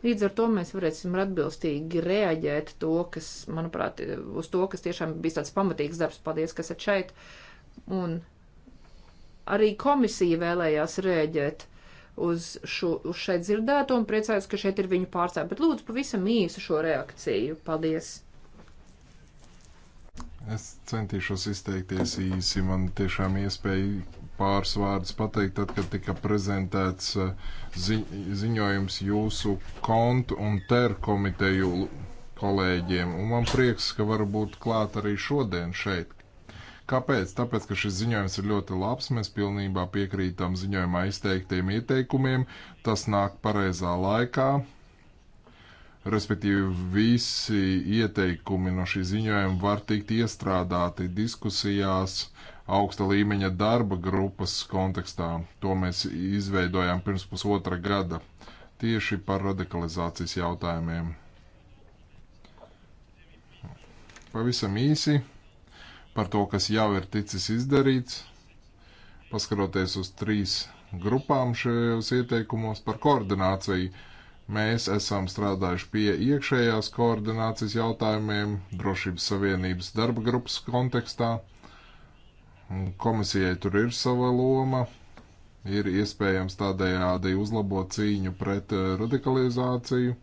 Līdz ar to mēs varēsim atbilstīgi reaģēt to, kas, manuprāt, uz to, kas tiešām bija tāds pamatīgs darbs. Paldies, kas ir šeit. Un arī komisija vēlējās reaģēt uz, šo, uz šeit dzirdēto un priecājos, ka šeit ir viņu pārstāvji. Bet lūdzu, pavisam īsu šo reakciju. Paldies!
Es centīšos izteikties īsi. Man tiešām iespēja pāris vārdus pateikt, tad, kad tika prezentēts eh, zi ziņojums jūsu kontu un ter komiteju kolēģiem. Un man prieks, ka var būt klāt arī šodien šeit. Kāpēc? Tāpēc, ka šis ziņojums ir ļoti labs, mēs pilnībā piekrītam ziņojumā izteiktiem ieteikumiem, tas nāk pareizā laikā, respektīvi visi ieteikumi no šī ziņojuma var tikt iestrādāti diskusijās augsta līmeņa darba grupas kontekstā. To mēs izveidojām pirms pusotra gada tieši par radikalizācijas jautājumiem. Pavisam īsi par to, kas jau ir ticis izdarīts, paskaroties uz trīs grupām šajos ieteikumos par koordināciju. Uh, Mēs esam strādājuši pie iekšējās koordinācijas jautājumiem drošības savienības darba grupas kontekstā. Komisijai tur ir sava loma, ir iespējams tādējādi uzlabot cīņu pret eh, radikalizāciju.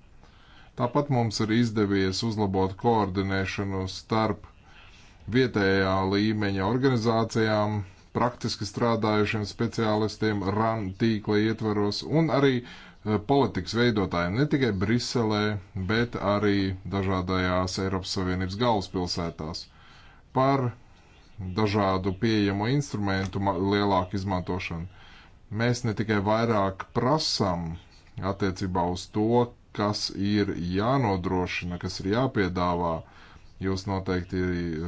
Tāpat mums ir izdevies uzlabot koordinēšanu starp vietējā līmeņa organizācijām, praktiski strādājušiem speciālistiem, RAN tīkla ietvaros un arī E, politikas veidotājiem ne tikai Briselē, bet arī dažādajās Eiropas Savienības galvaspilsētās par dažādu pieejamo instrumentu lielāku izmantošanu. Mēs ne tikai vairāk prasam attiecībā uz to, kas ir jānodrošina, kas ir jāpiedāvā. Jūs noteikti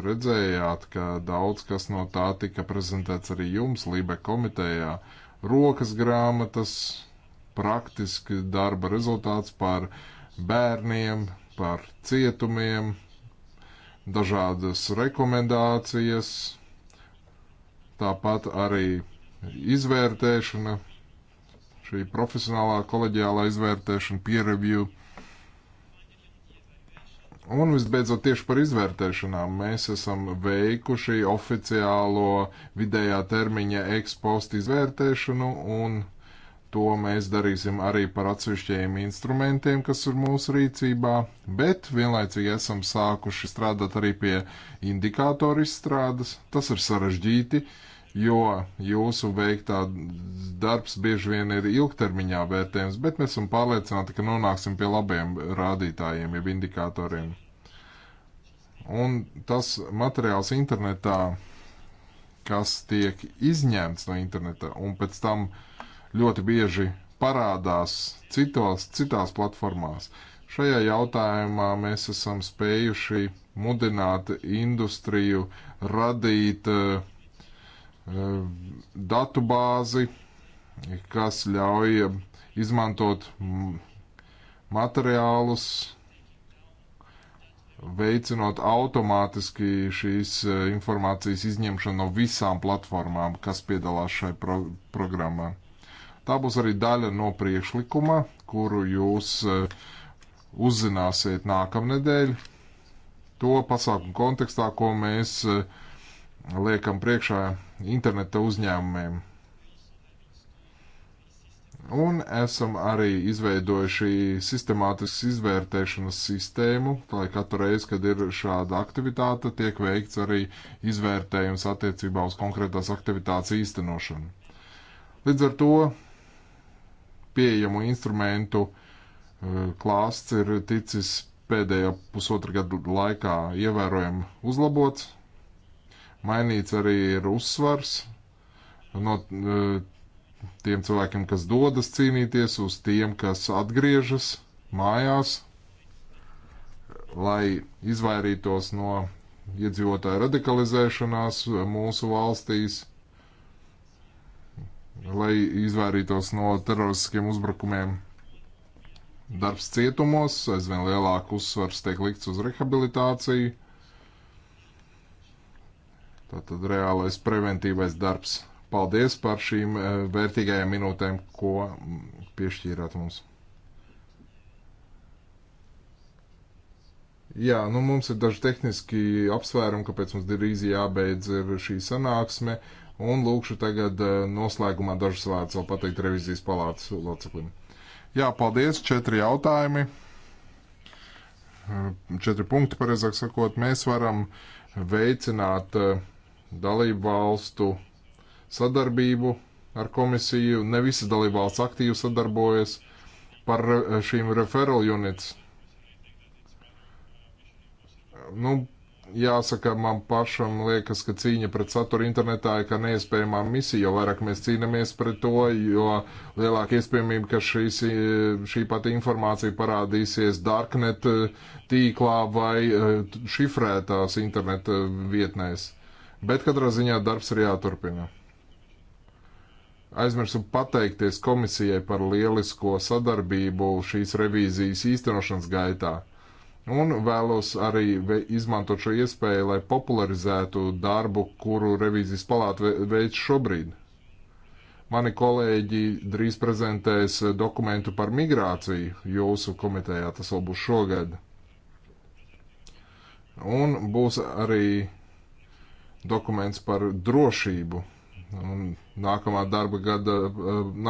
redzējāt, ka daudz kas no tā tika prezentēts arī jums, Lībe komitejā. Rokas grāmatas, praktiski darba rezultāts par bērniem, par cietumiem, dažādas rekomendācijas, tāpat arī izvērtēšana, šī profesionālā koleģiālā izvērtēšana, peer review. Un visbeidzot, tieši par izvērtēšanām mēs esam veikuši oficiālo vidējā termiņa ekspostu izvērtēšanu un To mēs darīsim arī par atsevišķiem instrumentiem, kas ir mūsu rīcībā, bet vienlaicīgi esam sākuši strādāt arī pie indikātoru izstrādes. Tas ir sarežģīti, jo jūsu veiktā darbs bieži vien ir ilgtermiņā vērtējums, bet mēs esam pārliecināti, ka nonāksim pie labiem rādītājiem, jeb indikatoriem. Un tas materiāls internetā, kas tiek izņemts no interneta un pēc tam uh, ļoti bieži parādās citos, citās platformās. Šajā jautājumā mēs esam spējuši mudināt industriju radīt uh, datu bāzi, kas ļauj izmantot materiālus, veicinot automātiski šīs eh, informācijas izņemšanu no visām platformām, kas piedalās šai pro programmai. Tā būs arī daļa no priekšlikuma, kuru jūs e, uzzināsiet nākamnedēļ. To pasākumu kontekstā, ko mēs e, liekam priekšā interneta uzņēmumiem. Un esam arī izveidojuši sistemātiskas izvērtēšanas sistēmu, lai katru reizi, kad ir šāda aktivitāte, tiek veikts arī izvērtējums attiecībā uz konkrētās aktivitātes īstenošanu. Līdz ar to pieejamu instrumentu e, klāsts ir ticis pēdējā pusotra gadu laikā ievērojami uzlabots. Mainīts arī ir uzsvars no e, tiem cilvēkiem, kas dodas cīnīties, uz tiem, kas atgriežas mājās, lai izvairītos no iedzīvotāju radikalizēšanās mūsu valstīs lai izvairītos no teroristiskiem uzbrukumiem. Darbs cietumos, aizvien lielāku uzsvars tiek likts uz rehabilitāciju. Tātad reālais preventīvais darbs. Paldies par šīm eh, vērtīgajām minūtēm, ko piešķīrāt mums. Jā, nu mums ir daži tehniski apsvērumi, kāpēc mums drīz jābeidz šī sanāksme. Uh, Un lūkšu tagad eh, noslēgumā dažus vārdus vēl pateikt revizijas palātas loceklim. Jā, paldies, četri jautājumi. Eh, četri punkti, pareizāk sakot, mēs varam veicināt eh, dalību valstu sadarbību ar komisiju. Ne visas dalību valsts aktīvi sadarbojas par šīm referral units. Nu, jāsaka, man pašam liekas, ka cīņa pret saturu internetā ir kā neiespējamā misija, jo vairāk mēs cīnāmies pret to, jo lielāka iespējamība, ka šīs, šī pati informācija parādīsies darknet eh, tīklā vai eh, šifrētās internet eh, vietnēs. Bet katrā ziņā darbs ir jāturpina. Aizmirsu pateikties komisijai par lielisko sadarbību šīs revīzijas īstenošanas gaitā Un vēlos arī izmantot šo iespēju, lai popularizētu darbu, kuru revīzijas palāta veids šobrīd. Mani kolēģi drīz prezentēs dokumentu par migrāciju jūsu komitejā, tas vēl būs šogad. Un būs arī dokuments par drošību. Un nākamā, gada,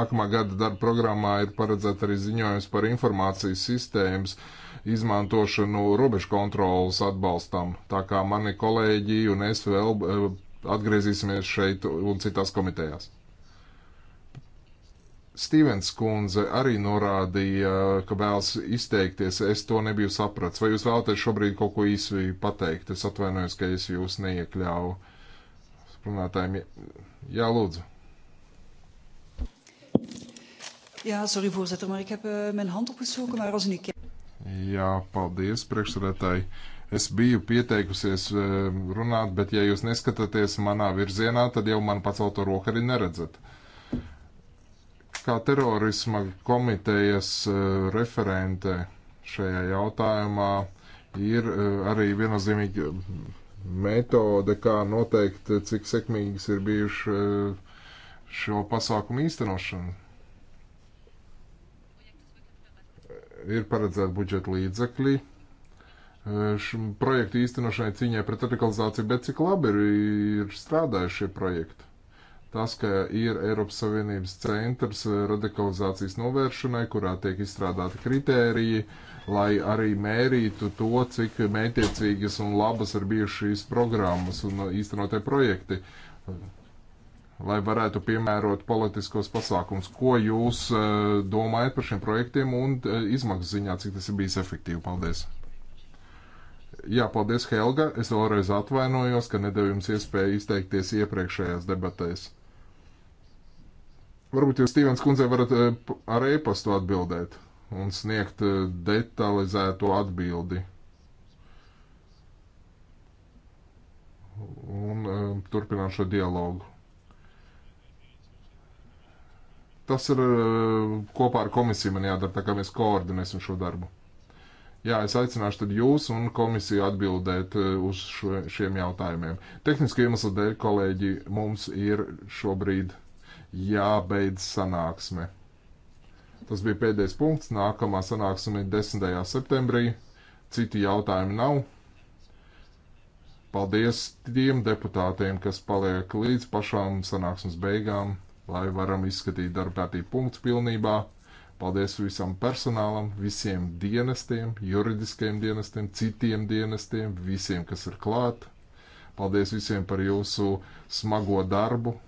nākamā gada darba programmā ir paredzēta arī ziņojums par informācijas sistēmas uh, izmantošanu robežu kontrolas atbalstam. Tā kā mani kolēģi un es vēl e, atgriezīsimies šeit un citās komitejās. Stīvens kundze arī norādīja, ka vēlas izteikties. Es to nebiju sapratis. Vai jūs vēlaties šobrīd kaut ko īsi pateikt? Es atvainojos, ka es jūs neiekļāvu runātājiem. Jā, lūdzu. Jā, sorry, voorzitter, maar ik heb uh, mijn hand opgestoken, maar als u niet kijkt. Jā, paldies priekšsēdētāji. Es biju pieteikusies eh, runāt, bet ja jūs neskatāties manā virzienā, tad jau man pacelto roku arī neredzat. Kā terorisma komitejas eh, referente šajā jautājumā ir eh, arī viennozīmīgi metode, kā noteikt, cik sekmīgas ir bijuši šo pasākumu īstenošana. ir paredzēti budžeta līdzekļi šim projektu īstenošanai cīņai pret radikalizāciju, bet cik labi ir, ir strādājuši šie projekti. Tas, ka ir Eiropas Savienības centrs radikalizācijas novēršanai, kurā tiek izstrādāti kritēriji, lai arī mērītu to, cik mētiecīgas un labas ir bijušas šīs programmas un īstenotie projekti lai varētu piemērot politiskos pasākums. Ko jūs eh, domājat par šiem projektiem un eh, izmaksu ziņā, cik tas ir bijis efektīvi? Paldies! Jā, paldies, Helga. Es vēlreiz atvainojos, ka nedēļu jums iespēju izteikties iepriekšējās debatēs. Varbūt jūs, Stīvens kundze, varat eh, ar e-pastu atbildēt un sniegt detalizēto atbildi. Un um, turpināt šo dialogu. Tas ir eh, kopā ar komisiju man jādara, tā kā mēs koordinēsim šo darbu. Jā, es aicināšu tad jūs un komisiju atbildēt eh, uz šo, šiem jautājumiem. Tehniski iemeslu dēļ, kolēģi, mums ir šobrīd jābeidz sanāksme. Tas bija pēdējais punkts. Nākamā sanāksme ir 10. septembrī. Citi jautājumi nav. Paldies tiem deputātiem, kas paliek līdz pašām sanāksmes beigām lai varam izskatīt darbkārtību punktu pilnībā. Paldies visam personālam, visiem dienestiem, juridiskajiem dienestiem, citiem dienestiem, visiem, kas ir klāt. Paldies visiem par jūsu smago darbu,